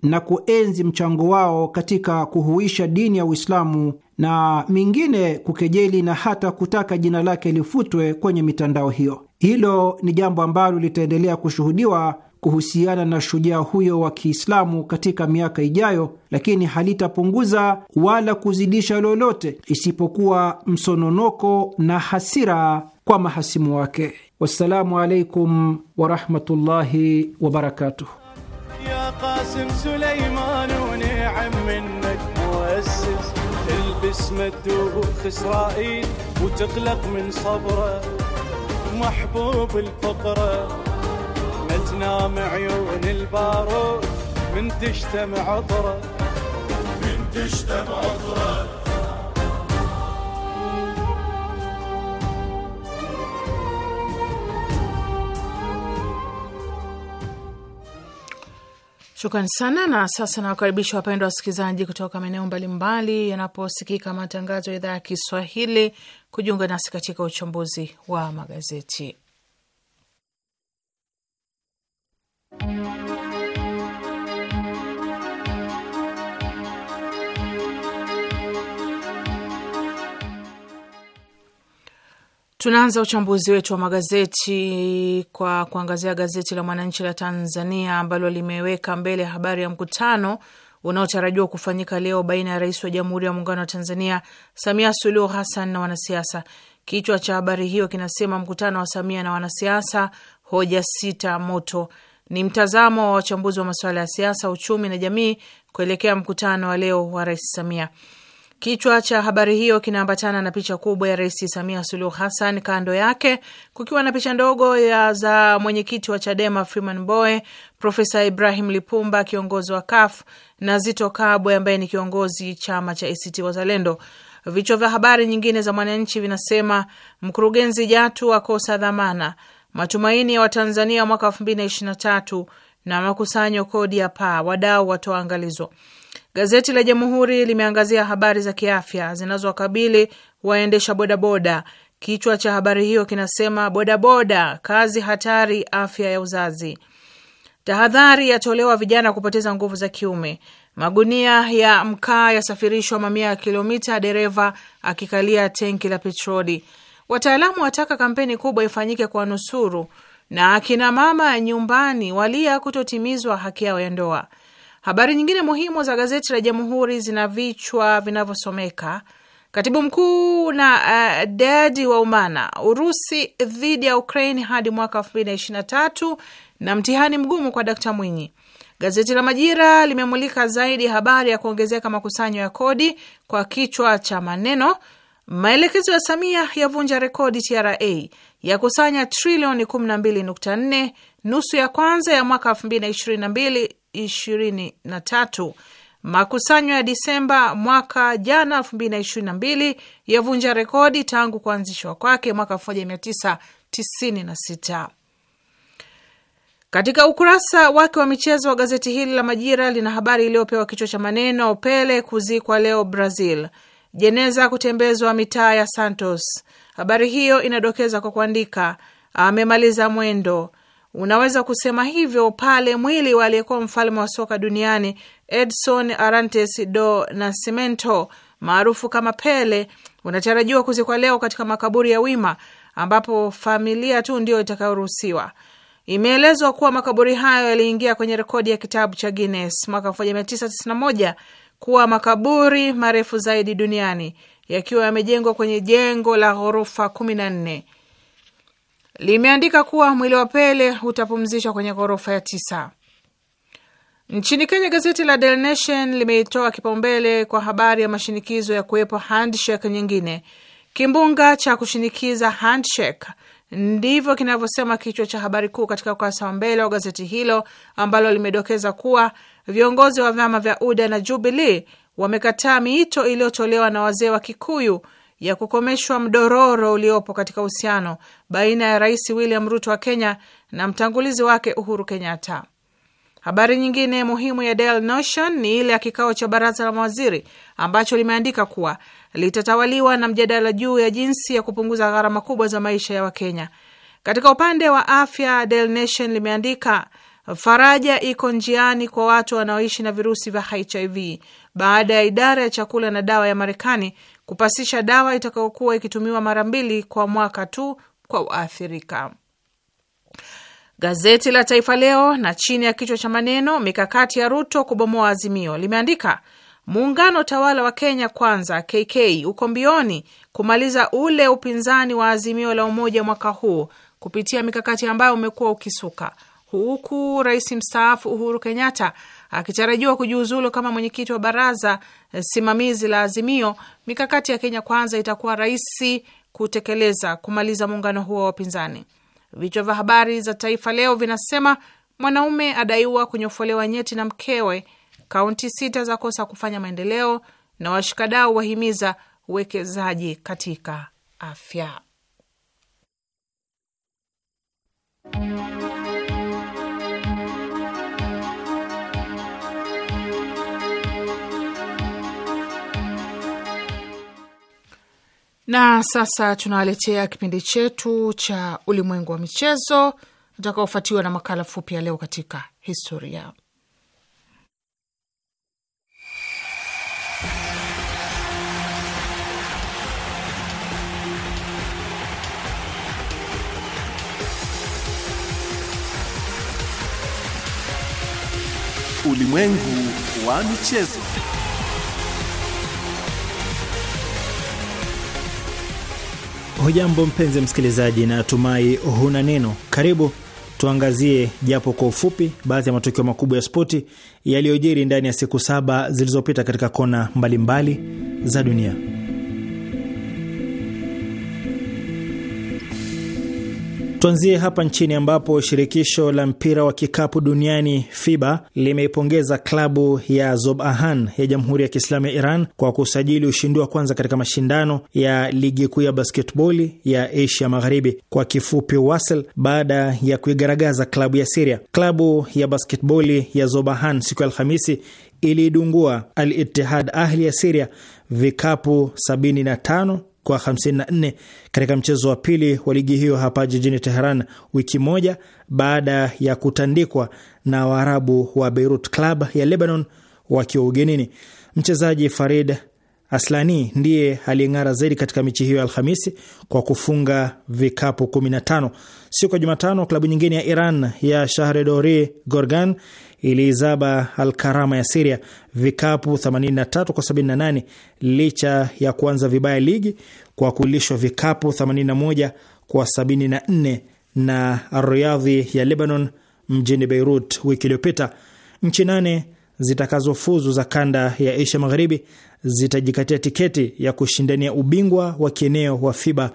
na kuenzi mchango wao katika kuhuisha dini ya Uislamu na mingine kukejeli na hata kutaka jina lake lifutwe kwenye mitandao hiyo. Hilo ni jambo ambalo litaendelea kushuhudiwa kuhusiana na shujaa huyo wa Kiislamu katika miaka ijayo, lakini halitapunguza wala kuzidisha lolote isipokuwa msononoko na hasira kwa mahasimu wake. Wassalamu alaikum warahmatullahi wabarakatuh. هل تنام عيون البارود من تشتم عطرة من تشتم عطرة Shukrani sana. Na sasa nawakaribisha wapendwa wasikilizaji kutoka maeneo mbalimbali yanaposikika matangazo ya idhaa ya Kiswahili kujiunga nasi katika uchambuzi wa magazeti. Tunaanza uchambuzi wetu wa magazeti kwa kuangazia gazeti la Mwananchi la Tanzania ambalo limeweka mbele ya habari ya mkutano unaotarajiwa kufanyika leo baina ya rais wa Jamhuri ya Muungano wa Tanzania Samia Suluhu Hassan na wanasiasa. Kichwa cha habari hiyo kinasema mkutano wa Samia na wanasiasa, hoja sita moto, ni mtazamo wa wachambuzi wa masuala ya siasa, uchumi na jamii kuelekea mkutano wa leo wa Rais Samia. Kichwa cha habari hiyo kinaambatana na picha kubwa ya Rais Samia Suluhu Hassan, kando yake kukiwa na picha ndogo ya za mwenyekiti wa Chadema Freeman Mbowe, Profesa Ibrahim Lipumba kiongozi wa CUF na Zito Kabwe ambaye ni kiongozi chama cha ACT Wazalendo. Vichwa vya habari nyingine za Mwananchi vinasema mkurugenzi Jatu akosa dhamana, matumaini ya Watanzania mwaka elfu mbili na ishirini na tatu na makusanyo kodi ya paa, wadau watoa angalizo. Gazeti la Jamhuri limeangazia habari za kiafya zinazowakabili waendesha bodaboda. Kichwa cha habari hiyo kinasema bodaboda kazi hatari, afya ya uzazi. Tahadhari yatolewa vijana kupoteza nguvu za kiume. Magunia ya mkaa yasafirishwa mamia ya kilomita, dereva akikalia tenki la petroli. Wataalamu wataka kampeni kubwa ifanyike kwa nusuru, na akina mama nyumbani walia kutotimizwa haki yao ya ndoa. Habari nyingine muhimu za gazeti la Jamhuri zina vichwa vinavyosomeka: katibu mkuu na uh, eh, dadi wa umana, Urusi dhidi ya Ukraine hadi mwaka 2023 na mtihani mgumu kwa Dkt Mwinyi. Gazeti la Majira limemulika zaidi habari ya kuongezeka makusanyo ya kodi kwa kichwa cha maneno Maelekezo ya Samia yavunja rekodi TRA ya kusanya trilioni 12.4 nusu ya kwanza ya mwaka 2022 23. Makusanyo ya Disemba mwaka jana 2022 yavunja rekodi tangu kuanzishwa kwake mwaka 1996. Katika ukurasa wake wa michezo wa gazeti hili la Majira lina habari iliyopewa kichwa cha maneno Pele kuzikwa leo Brazil jeneza kutembezwa mitaa ya Santos. Habari hiyo inadokeza kwa kuandika amemaliza mwendo. Unaweza kusema hivyo pale mwili wa aliyekuwa mfalme wa soka duniani Edson Arantes do Nascimento maarufu kama Pele unatarajiwa kuzikwa leo katika makaburi ya Wima ambapo familia tu ndiyo itakayoruhusiwa. Imeelezwa kuwa makaburi hayo yaliingia kwenye rekodi ya kitabu cha Guinness mwaka 1991 kuwa makaburi marefu zaidi duniani yakiwa yamejengwa kwenye jengo la ghorofa kumi na nne. Limeandika kuwa mwili wa Pele utapumzishwa kwenye ghorofa ya tisa. Nchini Kenya, gazeti la Daily Nation limeitoa kipaumbele kwa habari ya mashinikizo ya kuwepo handshake nyingine. Kimbunga cha kushinikiza handshake, ndivyo kinavyosema kichwa cha habari kuu katika ukurasa wa mbele wa gazeti hilo ambalo limedokeza kuwa Viongozi wa vyama vya UDA na Jubilee wamekataa miito iliyotolewa na wazee wa Kikuyu ya kukomeshwa mdororo uliopo katika uhusiano baina ya Rais William Ruto wa Kenya na mtangulizi wake Uhuru Kenyatta. Habari nyingine muhimu ya Daily Nation ni ile ya kikao cha baraza la mawaziri ambacho limeandika kuwa litatawaliwa na mjadala juu ya jinsi ya kupunguza gharama kubwa za maisha ya Wakenya. Katika upande wa afya, Daily Nation limeandika Faraja iko njiani kwa watu wanaoishi na virusi vya HIV baada ya idara ya chakula na dawa ya Marekani kupasisha dawa itakayokuwa ikitumiwa mara mbili kwa mwaka tu kwa waathirika. Gazeti la Taifa Leo na chini ya kichwa cha maneno mikakati ya Ruto kubomoa Azimio limeandika muungano tawala wa Kenya Kwanza KK uko mbioni kumaliza ule upinzani wa Azimio la Umoja mwaka huu kupitia mikakati ambayo umekuwa ukisuka huku rais mstaafu Uhuru Kenyatta akitarajiwa kujiuzulu kama mwenyekiti wa baraza eh, simamizi la Azimio, mikakati ya Kenya Kwanza itakuwa rahisi kutekeleza kumaliza muungano huo wa wapinzani. Vichwa vya habari za Taifa Leo vinasema mwanaume adaiwa kunyofolewa nyeti na mkewe, kaunti sita za kosa kufanya maendeleo, na washikadau wahimiza uwekezaji katika afya. Na sasa tunawaletea kipindi chetu cha ulimwengu wa michezo utakaofuatiwa na makala fupi ya leo katika historia. Ulimwengu wa michezo. Hujambo mpenzi msikilizaji, na tumai huna neno. Karibu tuangazie japo kwa ufupi baadhi ya matukio makubwa ya spoti yaliyojiri ndani ya siku saba zilizopita katika kona mbalimbali mbali za dunia. Tuanzie hapa nchini ambapo shirikisho la mpira wa kikapu duniani FIBA limeipongeza klabu ya Zobahan ya Jamhuri ya Kiislamu ya Iran kwa kusajili ushindi wa kwanza katika mashindano ya ligi kuu ya basketboli ya Asia Magharibi, kwa kifupi WASL, baada ya kuigaragaza klabu ya Siria. Klabu ya basketboli ya Zobahan siku ya Alhamisi iliidungua Al Ittihad Ahli ya Siria vikapu 75 kwa 54 katika mchezo wa pili wa ligi hiyo hapa jijini Teheran, wiki moja baada ya kutandikwa na Waarabu wa Beirut Club ya Lebanon wakiwa ugenini. Mchezaji Farid Aslani ndiye aliyeng'ara zaidi katika michi hiyo ya Alhamisi kwa kufunga vikapu 15. Siku ya Jumatano, klabu nyingine ya Iran ya Shahredori Gorgan iliizaba Alkarama ya Siria vikapu 83 kwa 78 licha ya kuanza vibaya ligi kwa kulishwa vikapu 81 kwa 74 na Riadhi ya Lebanon mjini Beirut wiki iliyopita. Nchi nane zitakazofuzu za kanda ya Asia Magharibi zitajikatia tiketi ya kushindania ubingwa wa kieneo wa FIBA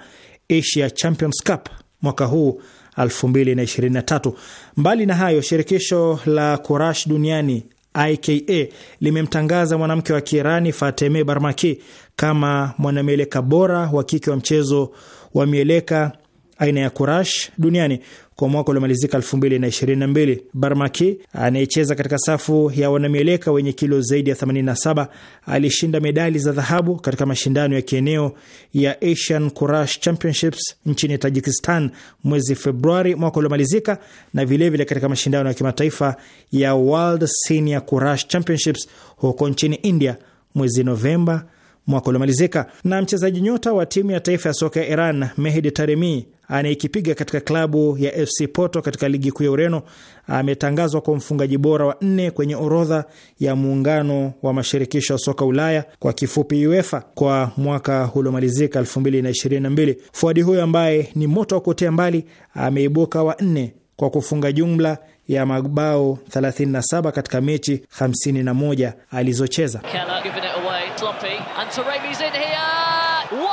Asia Champions Cup mwaka huu 2023. Mbali na hayo, shirikisho la Kurash duniani IKA limemtangaza mwanamke wa Kiirani Fateme Barmaki kama mwanamieleka bora wa kike wa mchezo wa mieleka aina ya Kurash duniani kwa mwaka uliomalizika 2022. Barmaki anayecheza katika safu ya wanamieleka wenye kilo zaidi ya 87 alishinda medali za dhahabu katika mashindano ya kieneo ya Asian Kurash Championships nchini Tajikistan mwezi Februari mwaka uliomalizika, na vilevile vile katika mashindano ya kimataifa ya World Senior Kurash Championships huko nchini India mwezi Novemba mwaka uliomalizika. Na mchezaji nyota wa timu ya taifa ya soka ya Iran Mehdi Taremi anayekipiga katika klabu ya FC Porto katika ligi kuu ya Ureno ametangazwa kwa mfungaji bora wa nne kwenye orodha ya muungano wa mashirikisho ya soka Ulaya kwa kifupi UEFA kwa mwaka uliomalizika 2022. Fuadi huyo ambaye ni moto wa kuotea mbali ameibuka wa nne kwa kufunga jumla ya mabao 37 katika mechi 51 alizocheza. Kloppy. And in here.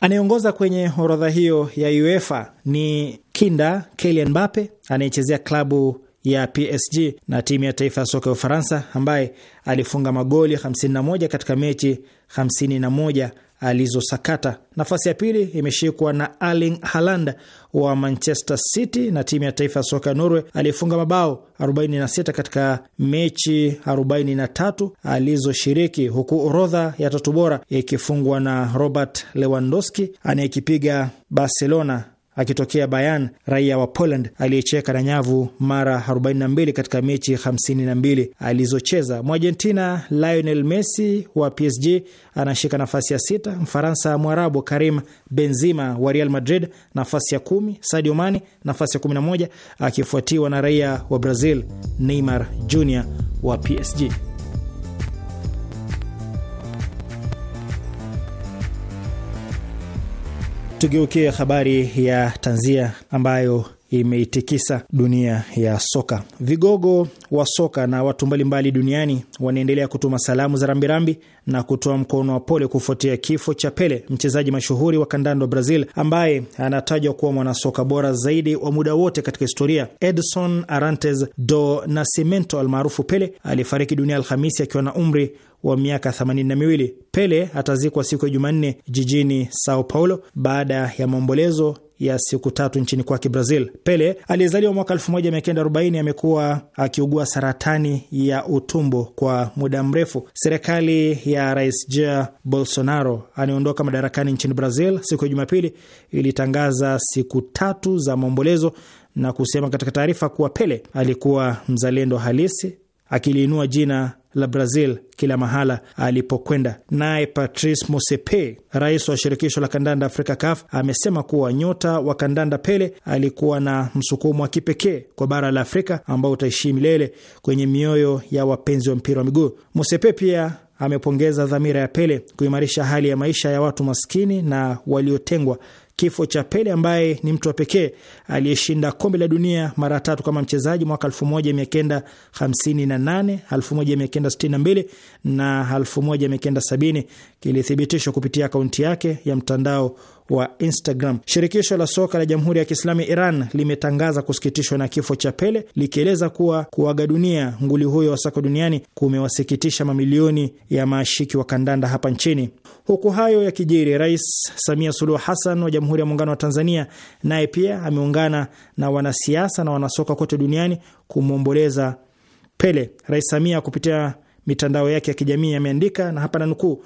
Anayeongoza kwenye orodha hiyo ya UEFA ni kinda Kylian Mbappe anayechezea klabu ya PSG na timu ya taifa ya soka ya Ufaransa ambaye alifunga magoli 51 katika mechi 51 alizosakata. Nafasi ya pili imeshikwa na Erling Haaland wa Manchester City na timu ya taifa ya soka ya Norway aliyefunga mabao 46 katika mechi 43 alizoshiriki, huku orodha ya tatu bora ikifungwa na Robert Lewandowski anayekipiga Barcelona akitokea Bayan, raia wa Poland aliyecheka na nyavu mara 42 katika mechi 52 alizocheza. Mwargentina Lionel Messi wa PSG anashika nafasi ya sita, Mfaransa Mwarabu Karim Benzima wa Real Madrid nafasi ya kumi, Sadio Mane nafasi ya 11 akifuatiwa na raia wa Brazil Neymar Jr wa PSG. Tugeukie habari ya tanzia ambayo imeitikisa dunia ya soka. Vigogo wa soka na watu mbalimbali duniani wanaendelea kutuma salamu za rambirambi na kutoa mkono wa pole kufuatia kifo cha Pele, mchezaji mashuhuri wa kandando wa Brazil ambaye anatajwa kuwa mwanasoka bora zaidi wa muda wote katika historia. Edson Arantes do Nascimento almaarufu Pele alifariki dunia Alhamisi akiwa na umri wa miaka 82. Pele atazikwa siku ya Jumanne jijini Sao Paulo baada ya maombolezo ya siku tatu nchini kwake Brazil. Pele aliyezaliwa mwaka 1940 amekuwa akiugua saratani ya utumbo kwa muda mrefu. Serikali ya Rais Jair Bolsonaro anayeondoka madarakani nchini Brazil siku ya Jumapili ilitangaza siku tatu za maombolezo na kusema katika taarifa kuwa Pele alikuwa mzalendo halisi akiliinua jina la Brazil kila mahala alipokwenda. Naye Patrice Motsepe, rais wa shirikisho la kandanda Afrika CAF, amesema kuwa nyota wa kandanda Pele alikuwa na msukumo wa kipekee kwa bara la Afrika ambao utaishi milele kwenye mioyo ya wapenzi wa mpira wa miguu. Motsepe pia amepongeza dhamira ya Pele kuimarisha hali ya maisha ya watu maskini na waliotengwa kifo cha Pele ambaye ni mtu wa pekee aliyeshinda kombe la dunia mara tatu kama mchezaji mwaka 1958, 1962 na 1970, kilithibitishwa kupitia akaunti yake ya mtandao wa Instagram. Shirikisho la soka la Jamhuri ya Kiislamu ya Iran limetangaza kusikitishwa na kifo cha Pele, likieleza kuwa kuaga dunia nguli huyo wa soka duniani kumewasikitisha mamilioni ya maashiki wa kandanda hapa nchini. Huku hayo ya kijiri, Rais Samia Suluhu Hassan wa Jamhuri ya Muungano wa Tanzania naye pia ameungana na wanasiasa na wanasoka kote duniani kumwomboleza Pele. Rais Samia kupitia mitandao yake ya kijamii ameandika, na hapa nanukuu: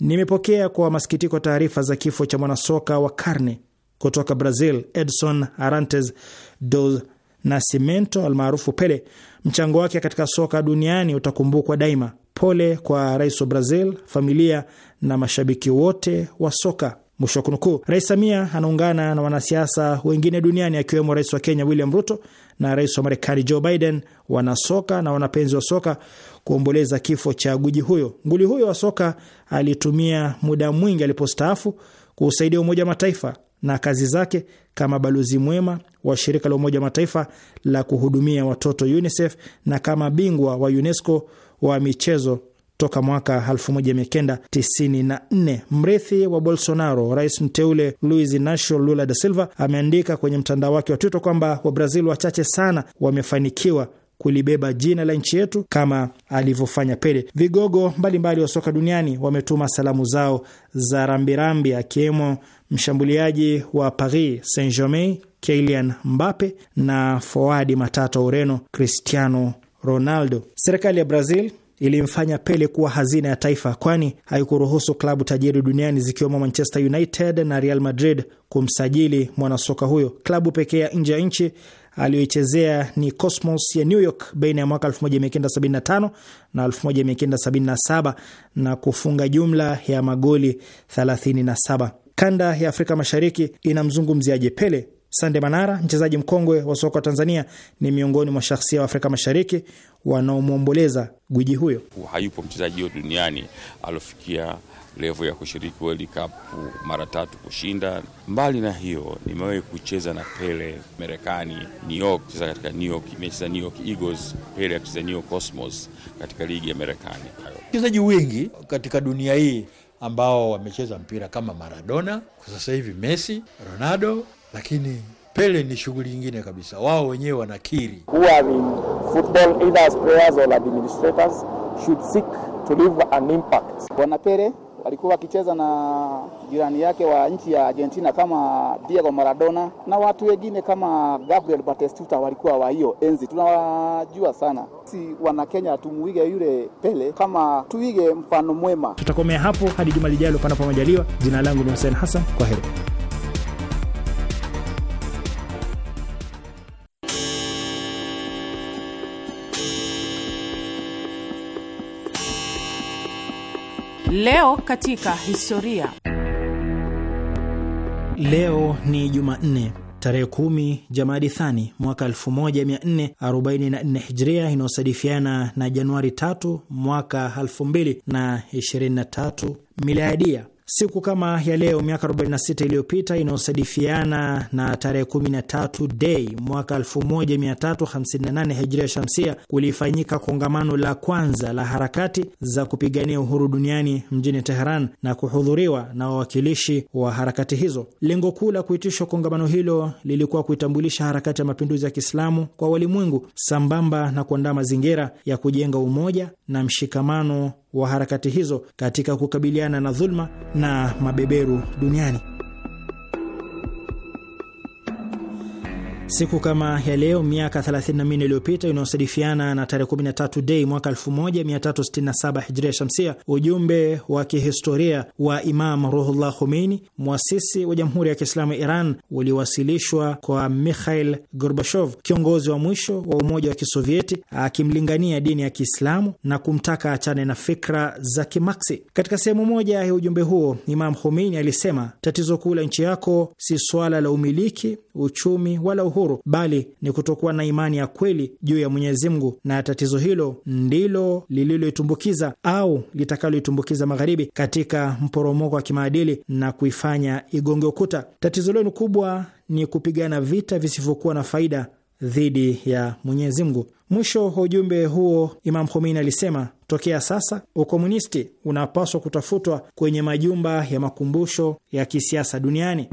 Nimepokea kwa masikitiko taarifa za kifo cha mwanasoka wa karne kutoka Brazil Edson Arantes do Nascimento almaarufu Pele. Mchango wake katika soka duniani utakumbukwa daima. Pole kwa rais wa Brazil, familia na mashabiki wote wa soka. Mwisho wa kunukuu. Rais Samia anaungana na wanasiasa wengine duniani akiwemo rais wa Kenya William Ruto na rais wa Marekani Joe Biden, wanasoka na wanapenzi wa soka kuomboleza kifo cha guji huyo. Nguli huyo wa soka alitumia muda mwingi alipostaafu kuusaidia Umoja wa Mataifa na kazi zake kama balozi mwema wa shirika la Umoja wa Mataifa la kuhudumia watoto UNICEF na kama bingwa wa UNESCO wa michezo toka mwaka 1994. Mrithi wa Bolsonaro, rais mteule Luis Inacio Lula da Silva ameandika kwenye mtandao wake wa Twitter kwamba Wabrazil wachache sana wamefanikiwa kulibeba jina la nchi yetu kama alivyofanya Pele. Vigogo mbalimbali mbali wa soka duniani wametuma salamu zao za rambirambi, akiwemo mshambuliaji wa Paris Saint Germain Kylian Mbappe na foadi matata wa Ureno Cristiano Ronaldo. Serikali ya Brazil ilimfanya Pele kuwa hazina ya taifa, kwani haikuruhusu klabu tajiri duniani zikiwemo Manchester United na Real Madrid kumsajili mwanasoka huyo. Klabu pekee ya nje ya nchi aliyoichezea ni Cosmos ya New York baina ya mwaka 1975 na 1977 na kufunga jumla ya magoli 37. Kanda ya Afrika Mashariki inamzungumziaje Pele? Sande Manara, mchezaji mkongwe wa soka wa Tanzania, ni miongoni mwa shahsia wa Afrika Mashariki wanaomwomboleza gwiji huyo. Hayupo mchezaji huyo duniani aliofikia levo ya kushiriki World Cup mara tatu kushinda. Mbali na hiyo, nimewahi kucheza na Pele Marekani, New York, kucheza katika New York, za New York Eagles, Pele akicheza New York Cosmos katika ligi ya Marekani. Wachezaji wengi katika dunia hii ambao wamecheza mpira kama Maradona, kwa sasa hivi Messi, Ronaldo, lakini Pele ni shughuli nyingine kabisa. Wao wenyewe wanakiri kuwa football either players or administrators should seek to leave an impact. Bwana Pele alikuwa akicheza na jirani yake wa nchi ya Argentina kama Diego Maradona na watu wengine kama Gabriel Batistuta walikuwa wa hiyo enzi, tunawajua sana. Si wana Kenya tumuige yule Pele kama tuige mfano mwema. Tutakomea hapo hadi juma lijalo, panapo majaliwa. Jina langu ni Hussein Hassan, kwa heri. Leo katika historia. Leo ni Jumanne tarehe kumi Jamadi Thani mwaka 1444 Hijria, inayosadifiana na Januari 3 mwaka 2023 Miliadia. Siku kama ya leo miaka 46 iliyopita inayosadifiana na tarehe 13 Dei mwaka 1358 Hijria Shamsia, kulifanyika kongamano la kwanza la harakati za kupigania uhuru duniani mjini Teheran na kuhudhuriwa na wawakilishi wa harakati hizo. Lengo kuu la kuitishwa kongamano hilo lilikuwa kuitambulisha harakati ya mapinduzi ya Kiislamu kwa walimwengu, sambamba na kuandaa mazingira ya kujenga umoja na mshikamano wa harakati hizo katika kukabiliana na dhulma na mabeberu duniani. Siku kama ya leo miaka 34 iliyopita inayosadifiana na tarehe 13 Dei mwaka 1367 Hijria Shamsia, ujumbe wa kihistoria wa Imam Ruhullah Khomeini, mwasisi wa Jamhuri ya Kiislamu ya Iran, uliwasilishwa kwa Mikhail Gorbachev, kiongozi wa mwisho wa Umoja wa Kisovieti, akimlingania dini ya Kiislamu na kumtaka achane na fikra za Kimaksi. Katika sehemu moja ya ujumbe huo, Imam Khomeini alisema, tatizo kuu la nchi yako si swala la umiliki, uchumi wala uhuru kukufuru, bali ni kutokuwa na imani ya kweli juu ya Mwenyezi Mungu, na tatizo hilo ndilo lililoitumbukiza au litakaloitumbukiza Magharibi katika mporomoko wa kimaadili na kuifanya igonge ukuta. Tatizo lenu kubwa ni kupigana vita visivyokuwa na faida dhidi ya Mwenyezi Mungu. Mwisho wa ujumbe huo, Imam Khomeini alisema, tokea sasa ukomunisti unapaswa kutafutwa kwenye majumba ya makumbusho ya kisiasa duniani.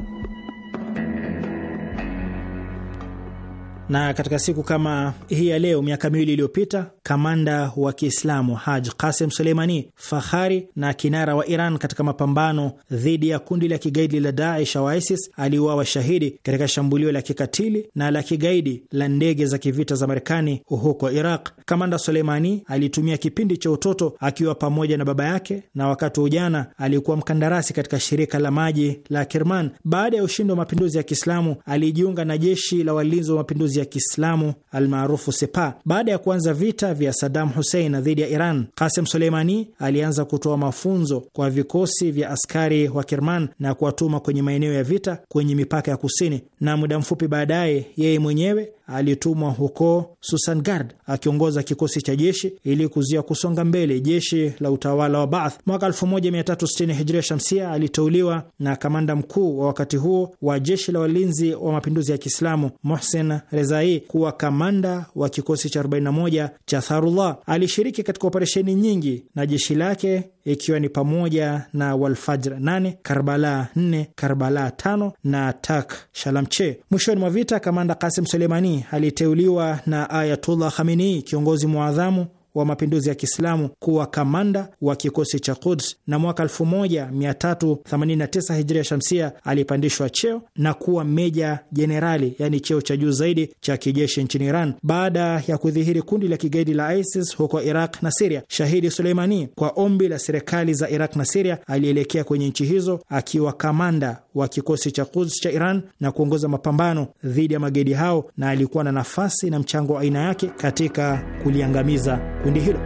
Na katika siku kama hii ya leo miaka miwili iliyopita, kamanda wa Kiislamu Haj Qasem soleimani fahari na kinara wa Iran katika mapambano dhidi ya kundi la kigaidi la Daesh au ISIS, aliuawa shahidi katika shambulio la kikatili na la kigaidi la ndege za kivita za Marekani huko Iraq. Kamanda soleimani alitumia kipindi cha utoto akiwa pamoja na baba yake, na wakati wa ujana alikuwa mkandarasi katika shirika la maji la Kerman. Baada ya ushindi wa mapinduzi ya Kiislamu alijiunga na jeshi la walinzi wa mapinduzi ya Kiislamu almaarufu Sepa. Baada ya kuanza vita vya Sadam Hussein dhidi ya Iran, Kasem suleimani alianza kutoa mafunzo kwa vikosi vya askari wa Kerman na kuwatuma kwenye maeneo ya vita kwenye mipaka ya kusini, na muda mfupi baadaye yeye mwenyewe alitumwa huko Susangard akiongoza kikosi cha jeshi ili kuzia kusonga mbele jeshi la utawala wa Baath. Mwaka 1360 hijria shamsia aliteuliwa na kamanda mkuu wa wakati huo wa jeshi la walinzi wa mapinduzi ya Kiislamu Mohsen Rezai kuwa kamanda wa kikosi cha 41 cha Tharullah. Alishiriki katika operesheni nyingi na jeshi lake ikiwa ni pamoja na Walfajr 8, Karbala 4, Karbala 5 na Tak Shalamche. Mwishoni mwa vita, kamanda Kasim Suleimani aliteuliwa na Ayatullah Khamenei, kiongozi mwadhamu wa mapinduzi ya Kiislamu kuwa kamanda wa kikosi cha Quds na mwaka 1389 Hijria Shamsia alipandishwa cheo na kuwa meja jenerali, yani cheo cha juu zaidi cha kijeshi nchini Iran baada ya kudhihiri kundi la kigaidi la ISIS huko Iraq na Siria. Shahidi Suleimani, kwa ombi la serikali za Iraq na Siria, alielekea kwenye nchi hizo akiwa kamanda wa kikosi cha Quds cha Iran na kuongoza mapambano dhidi ya magaidi hao, na alikuwa na nafasi na mchango wa aina yake katika kuliangamiza kundi hilo.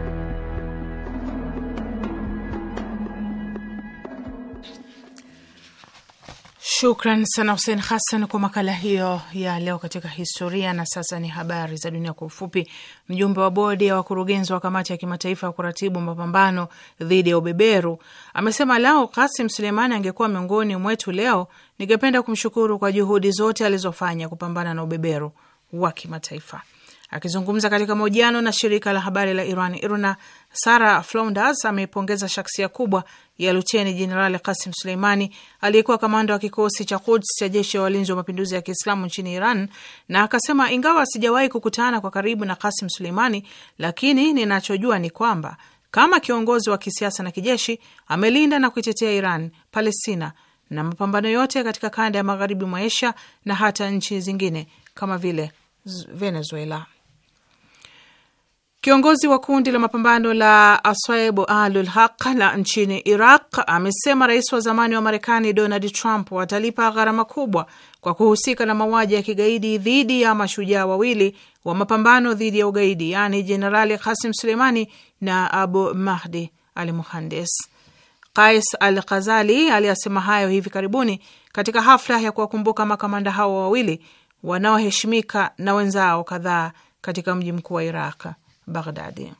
Shukran sana Husein Hassan kwa makala hiyo ya leo katika historia. Na sasa ni habari za dunia kwa ufupi. Mjumbe wa bodi ya wakurugenzi wa kamati ya kimataifa ya kuratibu mapambano dhidi ya ubeberu amesema lao Kasim Suleimani angekuwa miongoni mwetu leo, ningependa kumshukuru kwa juhudi zote alizofanya kupambana na ubeberu wa kimataifa. Akizungumza katika mahojiano na shirika la habari la Iran IRNA, Sara Flounders ameipongeza shaksia kubwa ya luteni jenerali Kasim Suleimani aliyekuwa kamanda wa kikosi cha Quds cha jeshi la walinzi wa mapinduzi ya Kiislamu nchini Iran, na akasema ingawa sijawahi kukutana kwa karibu na Kasim Suleimani, lakini ninachojua ni kwamba kama kiongozi wa kisiasa na kijeshi amelinda na kuitetea Iran, Palestina na mapambano yote katika kanda ya magharibi mwa Asia na hata nchi zingine kama vile Venezuela. Kiongozi wa kundi la mapambano la Aswaibu Ahlul Haq la nchini Iraq amesema rais wa zamani wa Marekani Donald Trump atalipa gharama kubwa kwa kuhusika na mauaji ya kigaidi dhidi ya mashujaa wawili wa mapambano dhidi ya ugaidi, yaani Jenerali Kasim Suleimani na Abu Mahdi al Muhandes. Kais al Ghazali aliyasema hayo hivi karibuni katika hafla ya kuwakumbuka makamanda hao wawili wanaoheshimika na wenzao kadhaa katika mji mkuu wa Iraq. Baghdadi.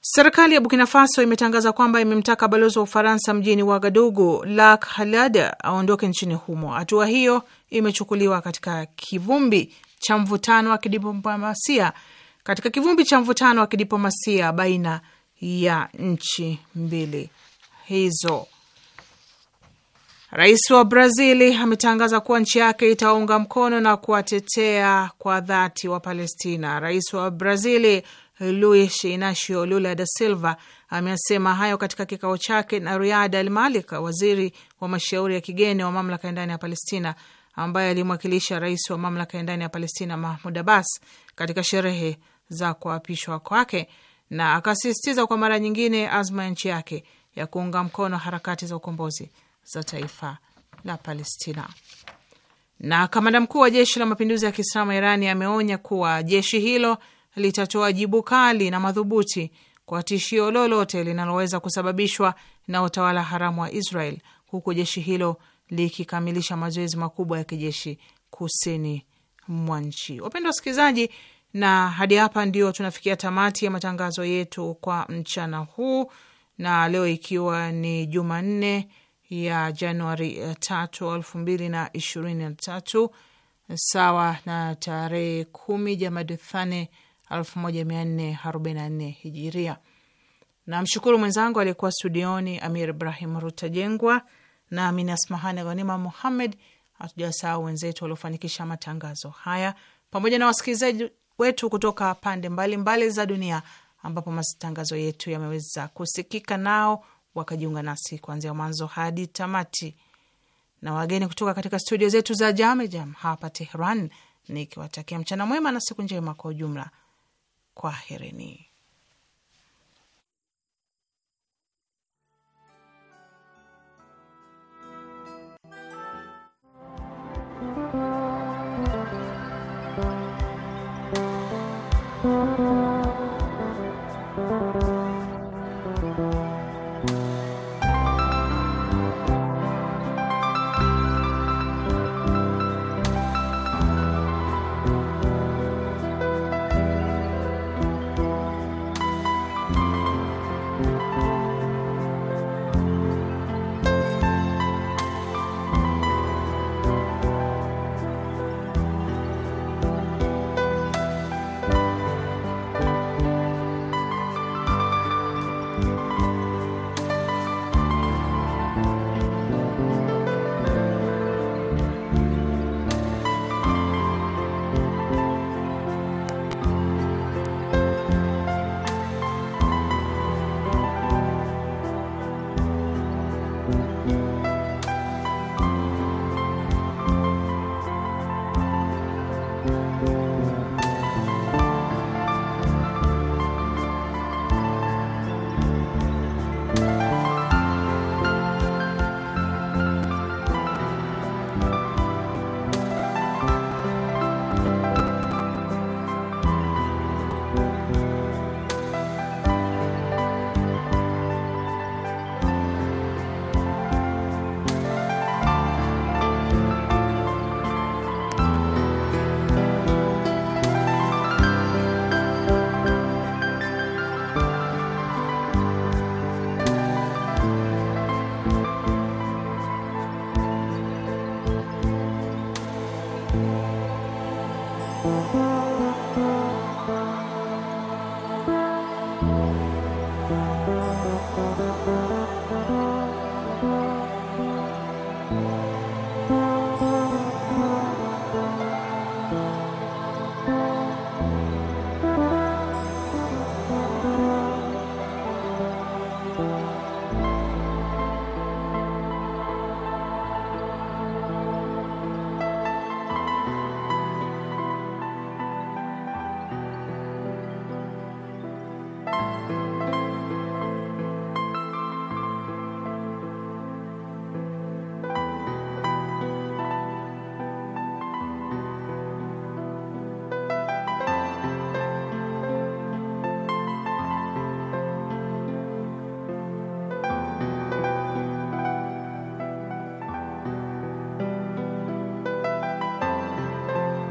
Serikali ya Burkina Faso imetangaza kwamba imemtaka balozi wa Ufaransa mjini Wagadugu Lak Halada aondoke nchini humo. Hatua hiyo imechukuliwa katika kivumbi cha mvutano wa kidiplomasia katika kivumbi cha mvutano wa kidiplomasia baina ya nchi mbili hizo. Rais wa Brazili ametangaza kuwa nchi yake itaunga mkono na kuwatetea kwa dhati wa Palestina. Rais wa Brazili Luis Inacio Lula da Silva amesema hayo katika kikao chake na Riad Al Malik, waziri wa mashauri ya kigeni wa mamlaka ya ndani ya Palestina, ambaye alimwakilisha rais wa mamlaka ya ndani ya Palestina Mahmud Abbas katika sherehe za kuapishwa kwake, na akasisitiza kwa mara nyingine azma ya nchi yake ya kuunga mkono harakati za ukombozi za taifa la Palestina. Na kamanda mkuu wa jeshi la mapinduzi ya Kiislamu Irani ameonya kuwa jeshi hilo litatoa jibu kali na madhubuti kwa tishio lolote linaloweza kusababishwa na utawala haramu wa Israel, huku jeshi hilo likikamilisha mazoezi makubwa ya kijeshi kusini mwa nchi. Wapendwa wasikilizaji, na hadi hapa ndio tunafikia tamati ya matangazo yetu kwa mchana huu, na leo ikiwa ni Jumanne ya Januari eh, tatu elfu mbili na ishirini na tatu sawa na tarehe kumi Jamaduthane elfu moja mia nne arobaini na nne hijiria. Namshukuru mwenzangu aliyekuwa studioni Amir Ibrahim Rutajengwa na Amina Asmahani Ghanima Muhammed. Hatujasahau wenzetu waliofanikisha matangazo haya pamoja na wasikilizaji wetu kutoka pande mbalimbali mbali za dunia ambapo matangazo yetu yameweza kusikika nao wakajiunga nasi kuanzia mwanzo hadi tamati, na wageni kutoka katika studio zetu za Jamejam hapa Tehran, nikiwatakia mchana mwema na siku njema kwa ujumla. Kwaherini.